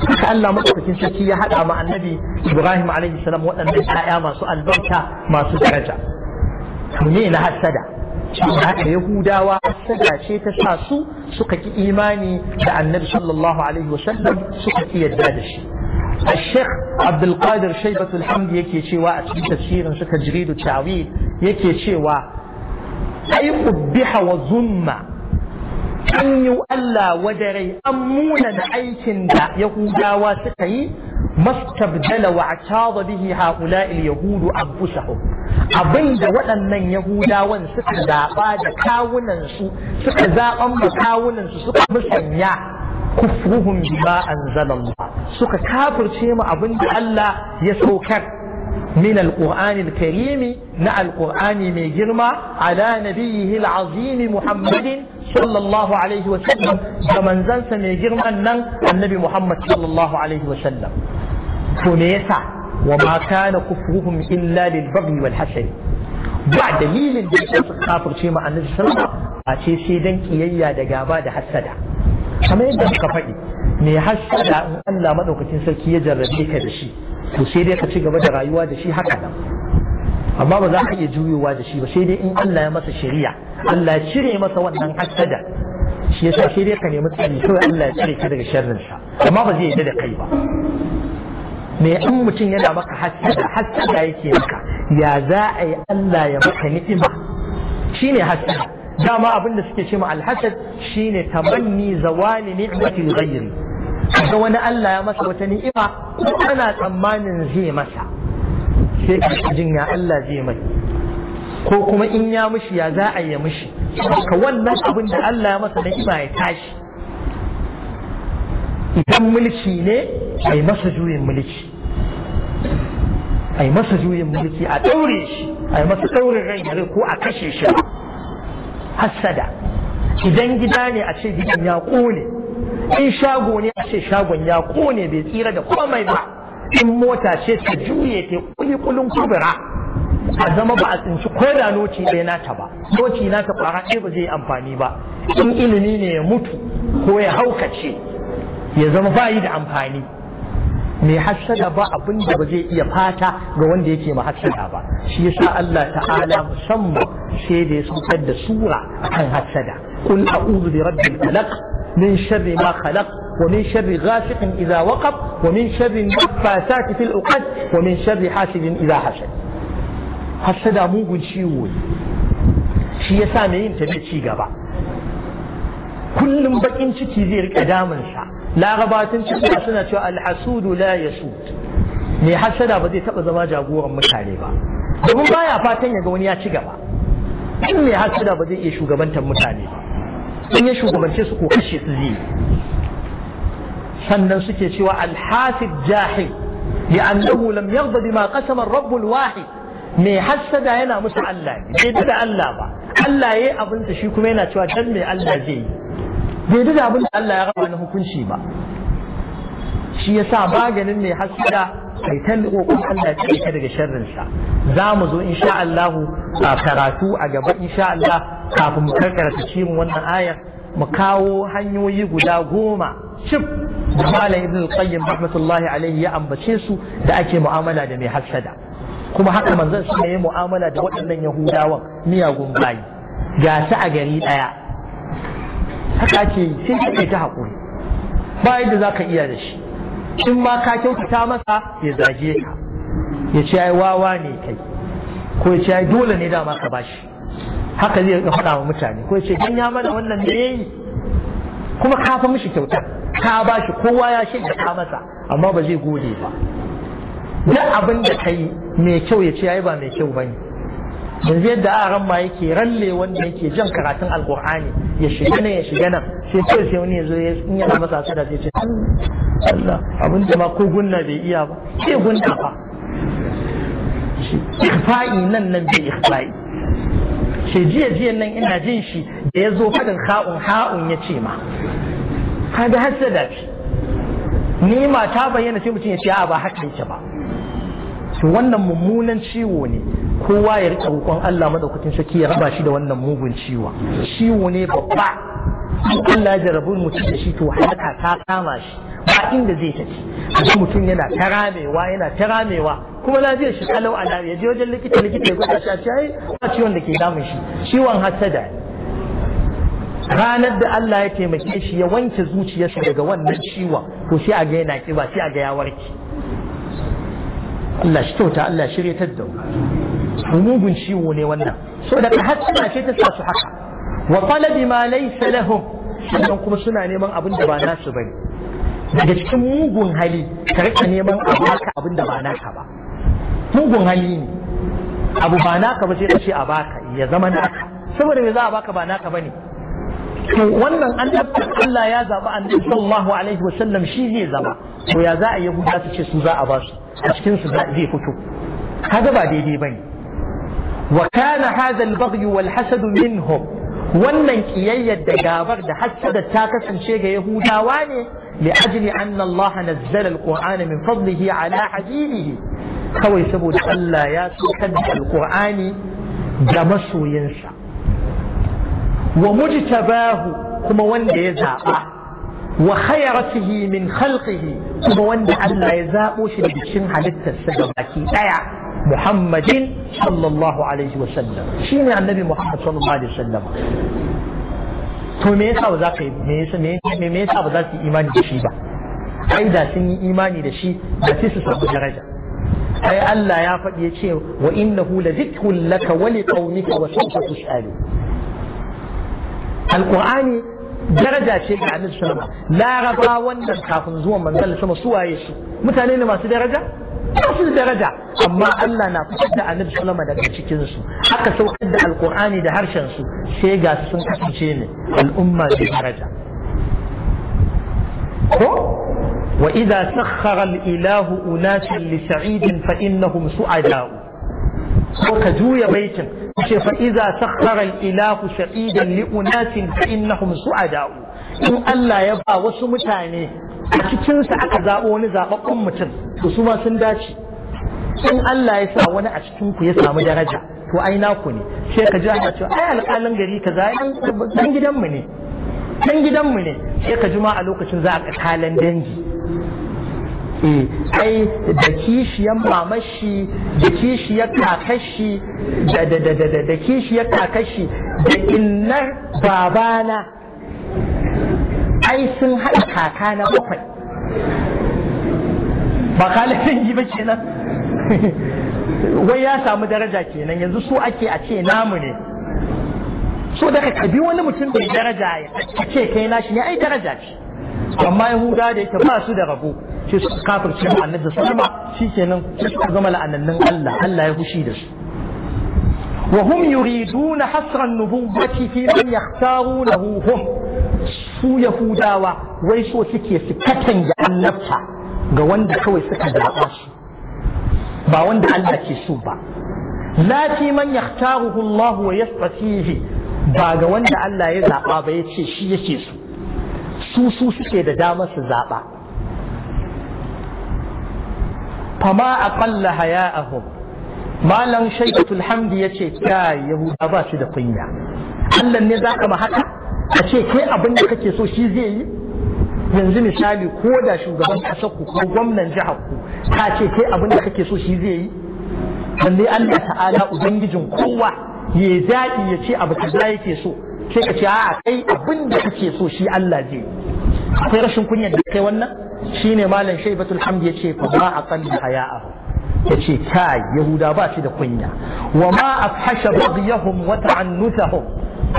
haka Allah madaukakin sarki ya hada ma annabi Ibrahim alaihi salam waɗannan ƴaƴa masu albarka masu daraja to ne na hasada haka Yahudawa hasada ce ta sa su suka ki imani da annabi sallallahu alaihi wasallam suka ki yadda da shi الشيخ عبد القادر شيبة الحمد يكي شيوا أسفل تفسير شكا جريد التعويل يكي شيوا أي قبح وظلم an yi Allah wadarai an muna da aikin da Yahudawa suka yi mastabdala wa ataba bihi haula il yahudu anfusahum abinda waɗannan Yahudawan suka zaɓa da kawunan su suka zaɓan ma kawunan su suka musanya kufruhum bima anzalallah suka kafirce mu da Allah ya saukar من القرآن الكريم نا القرآن من جرمى على نبيه العظيم محمد صلى الله عليه وسلم كمن زنس من جرمى النبي محمد صلى الله عليه وسلم فنيسع وما كان كفرهم إلا للبغي والحسد بعد دليل كافر شيء مع النبي صلى الله عليه وسلم أشي سيدن كييا دقابا دحسدا كما يدن كفائي ne hasada in Allah madaukakin sarki ya jarrabe ka da shi to sai dai ka ci gaba da rayuwa da shi haka nan amma ba za ka iya juyowa da shi ba sai dai in Allah ya masa shari'a Allah ya cire masa wannan hasada shi yasa sai dai ka nemi tsari kawai Allah ya cire ka daga sharrin sa amma ba zai yi da kai ba me in mutum yana maka hasada hasada yake maka ya za a yi Allah ya maka ni'ima shine hasada dama abin da suke ce ma alhasad shine tamanni zawali ni'matil ghairi ga wani Allah ya masa wata ni'ima ana tsammanin zai masa sai ka jin ya Allah zai mai ko kuma in ya mishi ya za a yi mushi? ka wannan abin da Allah ya masa ni'ima ya tashi idan mulki ne a yi masa juyin mulki a yi masa juyin mulki a ɗaure shi a yi masa ɗaurin rai ko a kashe shi hassada idan gida ne a ce gidan ya ƙone in shago ne a ce shagon ya kone bai tsira da komai ba in mota ce ta juye ta kulikulin kubura a zama ba a tsinci kwaira da noci ɗaya nata ba noci nata kwara ɗaya ba zai yi amfani ba in ilimi ne ya mutu ko ya haukace ya zama ba yi da amfani mai hassada ba abin da ba zai iya fata ga wanda yake ma hassada ba shi yasa Allah ta'ala musamman sai da ya saukar da sura akan hassada kul a'udhu bi rabbil falaq من شر ما خلق ومن شر غاشق إذا وقف ومن شر النفاثات في الأقد ومن شر حاسد إذا حسد حسد موج شيوي شي يسامعين تبيت شي غبا كل بقين شي كذير قدام انشاء لا غبات شي سنة الحسود لا يسود ني حسد بدي تقضى ما جاقور مكالي با دبو ما يا فاتن يقوني يا شي غبا كل حسد بدي يشو غبان تم مكالي in ya shugabance su ko kashe su zai sannan suke cewa alhasid jahil li'annahu lam yarda bima qasama ar-rabbul wahid mai hassada yana musu Allah ne bai da Allah ba Allah yayi abin da shi kuma yana cewa dan mai Allah zai yi bai da abin da Allah ya raba na hukunci ba shi yasa maganin mai hassada kai ta kokon Allah ta daga sharrin sa za mu zo insha Allah a karatu a gaba insha Allah kafin mu karkara tafsirin wannan ayar mu kawo hanyoyi guda goma shif da malam ibn al-qayyim rahmatullahi alaihi ya ambace su da ake mu'amala da mai hassada kuma haka manzon shi ne mu'amala da waɗannan yahudawan miyagun bayi ga su a gari ɗaya haka ce sai ka ta hakuri. ba yadda za ka iya da shi in ma ka kyautata masa ya zage ka ya ce ai wawa ne kai ko ya ce ai dole ne dama ka bashi haka zai ga faɗa wa mutane ko ce dan ya mana wannan da yayi kuma ka fa mishi kyauta ka ba shi kowa ya shaida ka masa amma ba zai gode ba duk abin da kai mai kyau ya ce ai ba mai kyau bane yanzu yadda a ran ma yake ralle wanda yake jan karatun alqur'ani ya shiga nan ya shiga nan sai kawai sai wani ya zo in yana masa sada sai ce Allah abin da ma ko gunna bai iya ba sai gunna fa ikfa'i nan nan bai ikfa'i ce jiya jiyan nan ina jin shi da ya zo faɗin ha'un ha'un ya ce ma kaga hasada ce ni ma ta bayyana sai mutum ya ce a ba haka yake ba to wannan mummunan ciwo ne kowa ya rike roƙon Allah madaukakin sarki ya raba shi da wannan mugun ciwo ciwo ne babba in Allah ya jarabu mutum da shi to halaka ta kama shi ba inda zai tafi shi mutum yana ta ramewa yana ta ramewa kuma lafiyar shi kalau a lafiya je wajen likita likita ya gwada shi a ce ai ba ciwon da ke damun shi ciwon hasada ranar da Allah ya taimake shi ya wanke zuciyarsa daga wannan ciwon to sai a ga yana kiba sai a ga ya warke Allah shi kyauta Allah shirya ta da mugun ciwo ne wannan so da hatta ce ta sa su haka wa talabi ma laysa lahum sannan kuma suna neman abin da ba nasu bane daga cikin mugun hali ka rika neman abaka abin da ba naka ba mugun hali ne abu ba naka ba sai ka ce a baka ya zama naka saboda me za a baka ba naka bane to wannan an Allah ya zaba annabi sallallahu alaihi wa sallam shi zai zama to ya za a yi guda su ce su za a ba su a cikin su zai fito kaga ba daidai bane wa kana hadha al-baghy wal wannan kiyayyar da gabar da hassada ta kasance ga yahudawa ne li ajli anna Allah nazzala alqur'ana min fadlihi ala habibihi kawai saboda Allah ya tsokar da alqur'ani da masoyinsa wa mujtabahu kuma wanda ya zaba wa khayratihi min khalqihi kuma wanda Allah ya zabo shi da cikin halittarsa ga baki daya Muhammadin sallallahu alaihi wa wasallam shine annabi Muhammad sallallahu alaihi wa sallam. to me yasa ba za ka me yasa me me yasa ba za su imani da shi ba ai da sun yi imani da shi da sai su samu daraja ai Allah ya faɗi ya ce wa innahu la zikrun laka wa li qaumika wa sawfa tusalu alqur'ani daraja ce ga annabi sallama laraba wannan kafin zuwan manzon sama su waye su mutane ne masu daraja masu daraja amma Allah na fitar da annabi sallama daga cikin su aka saukar da alqur'ani da harshen su sai ga su sun kasance ne al'umma da daraja ko wa idza sakhkhara al-ilahu unasan li sa'idin fa innahum su'ada'u ko ka juya baitin ce fa iza sakhara al-ilahu sha'idan li unasin fa a da'u? in Allah ya ba wasu mutane a cikin aka zabo wani zababben mutum to su ma sun dace in Allah ya sa wani a cikinku ya samu daraja to ai naku ne sai a ji ana cewa ai alƙalin gari kaza dan gidanmu ne dan gidanmu ne sai ka a lokacin za a kalan dangi eh ai da kishiyan mamashi da kishiyar kakashi da da da da kishiyar kakashi da innar babana ai sun haɗa kaka na bakwai ba kalin yi ba kenan *laughs* wai ya samu daraja kenan yanzu su ake a ce namu ne so daga kabi wani mutum bai daraja ya ce kai nashi ne ai daraja ce amma yahuda da yake ba su da rabo sai suka kafirce ma annabi sallama shikenan sai suka zama la'anannin Allah Allah ya fushi da su wa hum yuriduna hasran nubuwwati fi man yakhtarunahu hum su yahudawa wai so suke su katange annabta ga wanda kawai suka zaɓa su ba wanda Allah ke so ba la fi man yakhtaruhu Allah wa ba ga wanda Allah ya zaɓa ba yace shi yake so su su suke da damar su zaɓa fama aqalla haya'ahum malam shaibatul hamdi ce kai yahuda ba shi da kunya Allah ne zaka ma haka a ce kai abin da kake so shi zai yi yanzu misali ko da shugaban kasar ku ko gwamnan jihar ku ka ce kai abin da kake so shi zai yi balle Allah ta'ala ubangijin kowa ya zaɓi ya ce abu kaza yake so sai ka ce a'a kai abin da kake so shi Allah zai yi akwai rashin kunya da kai wannan shine malam shaibatul hamdi yace fa ba aqalli haya'ahu yace kai yahuda ba shi da kunya wa ma afhasha baghyahum wa ta'annutahum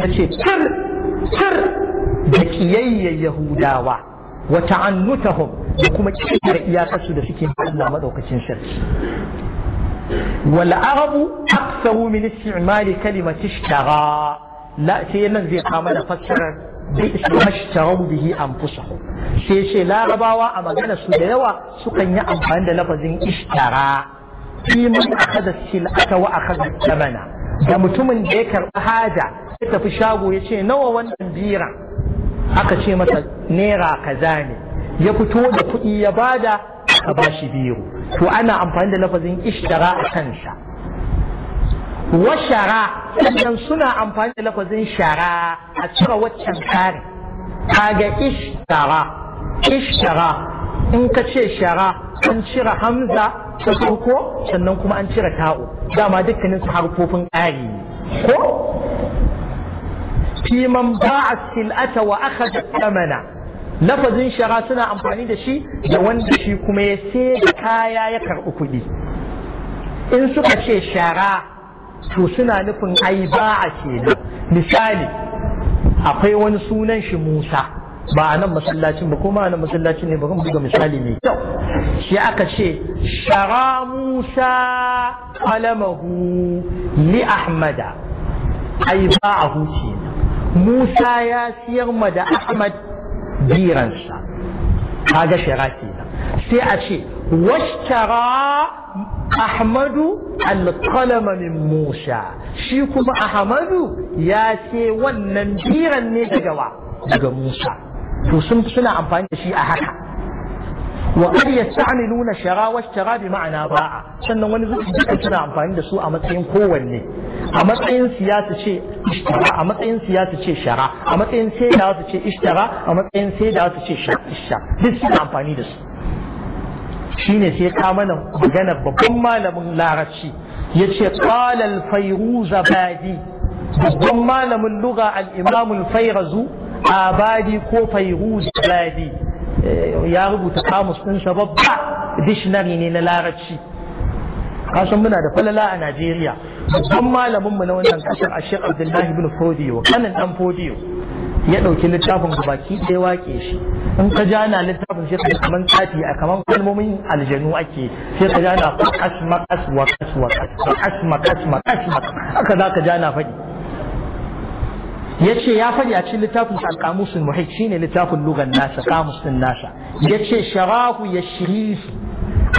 yace tir tir da kiyayya yahudawa wa ta'annutahum da kuma kiyar iyakarsu da suke Allah madaukakin sarki والعرب أكثر من استعمال كلمة اشترى لا شيء زي قام فسر bi bihi anfusahum sai ce larabawa a magana su da yawa sukan yi amfani da lafazin ishtara fi man akhadha sil'ata wa akhadha thamana da mutumin da ya karɓi haja ya tafi shago ya ce nawa wannan bira aka ce masa naira kaza ne ya fito da kuɗi ya bada aka bashi biro to ana amfani da lafazin ishtara a kansa wa shara sannan suna amfani da lafazin shara a cire waccan kare kaga ishtara ishtara in ka ce shara an cire hamza ta farko sannan kuma an cire ta'u dama dukkanin su harfofin kare. ko fiman a sil'ata wa akhadha thamana lafazin shara suna amfani da shi da wanda shi kuma ya sai da kaya ya karɓi kuɗi in suka ce shara to suna nufin ai ba a kenan misali akwai wani sunan shi Musa ba a nan masallacin ba kuma a nan masallacin ne ba kuma buga misali mai kyau shi aka ce shara Musa alamahu li Ahmada ai ba a huce Musa ya siyar ma da Ahmad biransa kaga shara kenan sai a ce washtara ahmadu alƙalama musa shi kuma ahmadu ya ce wannan biran ne daga wa daga musa to sun suna amfani da shi a haka wa qad nuna shara washtara bi ma'ana ba'a sannan wani zuci duka suna amfani da su a matsayin kowanne a matsayin siyasa ce ishtara a matsayin shara a matsayin sai da ishtara a matsayin suna amfani da su shine sai ka mana magana babban malamin larabci ya ce al-fayruz abadi babban malamin lugha al-imam al-fayrazu abadi ko fayruz abadi eh, ya rubuta kamus din sa babba dictionary ne na larabci kasan muna da falala a Najeriya babban malamin mu na wannan kasar Sheikh Abdullahi ibn Fodiyo kanin dan Fodiyo ya dauki littafin ku baki ɗaya wake shi in ka ja na littafin shi ka kaman tsafi a kaman kalmomin aljanu ake sai ka ja na kas makas wa kas wa kas makas makas haka za ka ja na fadi yace ya fadi a cikin littafin sa al-qamusul muhit shine littafin lugan nasa qamus nasa yace sharahu yashrih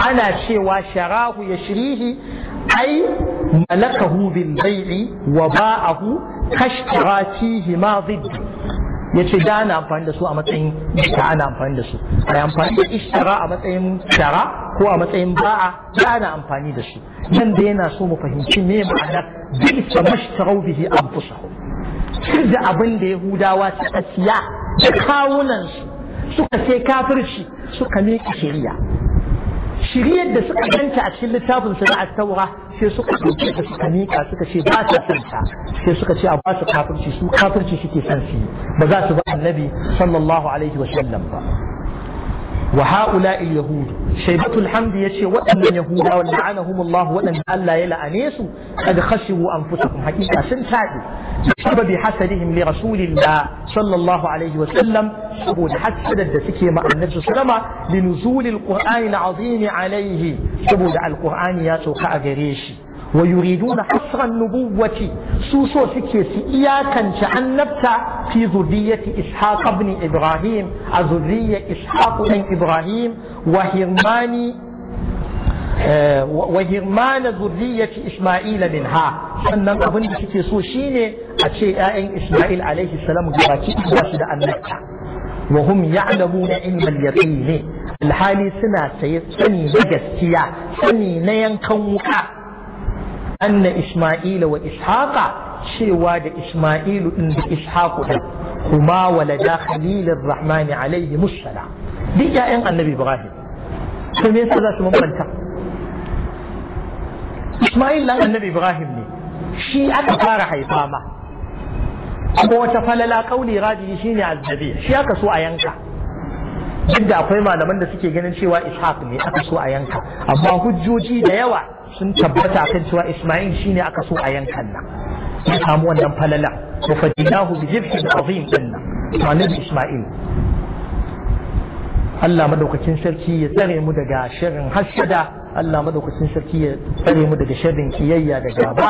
ana cewa sharahu yashrih ai malakahu bil bai'i wa ba'ahu kashtaratihi ma ضد ya ce da ana amfani da su a matsayin da ana amfani da su a amfani da ishtara a matsayin shara ko a matsayin ba'a da ana amfani da su nan da yana so mu fahimci me ma'anar bil samashtaraw bihi anfusahum sir da abin da yahudawa suka siya da kawunan su suka sai kafirci suka miƙa shari'a shari'ar da suka ganta a cikin littafin su at-taura sai suka doke ta suka mika suka ce ba ta san ta sai suka ce a ba su kafirci su kafirci suke son su ba za su ba annabi sallallahu alaihi wa sallam ba wa haula il yahud shaybatul hamdi yace waɗannan yahuda wa la'anahum Allah waɗanda Allah ya la'ane su kad khashu anfusahum hakika sun tabi sababi hasadihim ne rasulillah sallallahu alaihi wa sallam saboda hasadar da suke ma annabi sallama li na qur'ani alazim alaihi saboda alqur'ani ya sauka a gare shi ويريدون حصر النبوة سوسو سكيسي إيا كان شعنبتا في ذرية إسحاق ابن إبراهيم أذرية إسحاق ابن إبراهيم وهرماني آه، وهرمان ذرية إسماعيل منها أن أظن في شيني أتشي إسماعيل عليه السلام جراتي إباسد أنبتا وهم يعلمون علم اليقين الحالي سنة سيستني بجستيا سنين ينكوكا anna isma'ila wa Ishaka cewa da isma'ilu ɗin da ishaqu din kuma walada khalilir rahmani alaihi musalla duk ƴaƴan annabi ibrahim to me yasa za su mamanta isma'il dan annabi ibrahim ne shi aka fara haifa ma ko ta falala qauli radi shine azzabi shi aka so a yanka duk da akwai malaman da suke ganin cewa ishaq ne aka so a yanka amma hujjoji da yawa sun tabbata kan cewa isma'il shine aka so a yankan nan ya samu wannan falala to fadinahu bi jibhin azim din isma'il Allah madaukakin sarki ya tsare mu daga shirin hassada Allah madaukakin sarki ya tsare mu daga shirin kiyayya da gaba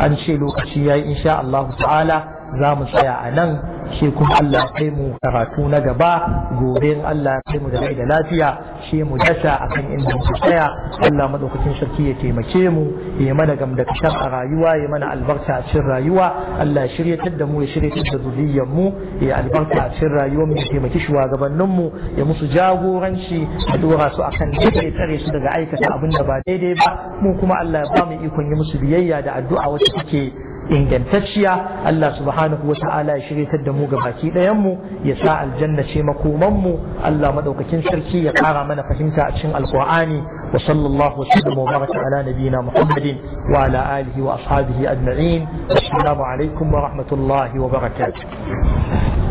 an ce lokaci yayi insha Allah ta'ala za mu tsaya a nan shi kuma Allah ya kai mu karatu na gaba gobe in Allah kai mu da rai da lafiya shi mu dasa akan inda mu tsaya Allah madaukakin sarki ya taimake mu ya mana gamdakatar a rayuwa ya mana albarka a cikin rayuwa Allah ya shiryatar da mu ya shiryatar da zuriyar mu ya albarka a cikin rayuwar mu ya taimaki shugabannin mu ya musu jagoranci a dora su akan da ya tsare su daga aikata abin da ba daidai ba mu kuma Allah ya ba mu ikon yi musu biyayya da addu'a wacce take ingantacciya Allah subhanahu wa ta'ala ya shiryatar da mu baki ɗayan mu ya sa aljanna ce makoman mu Allah madaukakin sarki ya kara mana fahimta a cikin alqur'ani wa sallallahu wasallam wa baraka ala nabiyina muhammadin wa ala alihi wa ashabihi ajma'in assalamu alaikum wa rahmatullahi wa barakatuh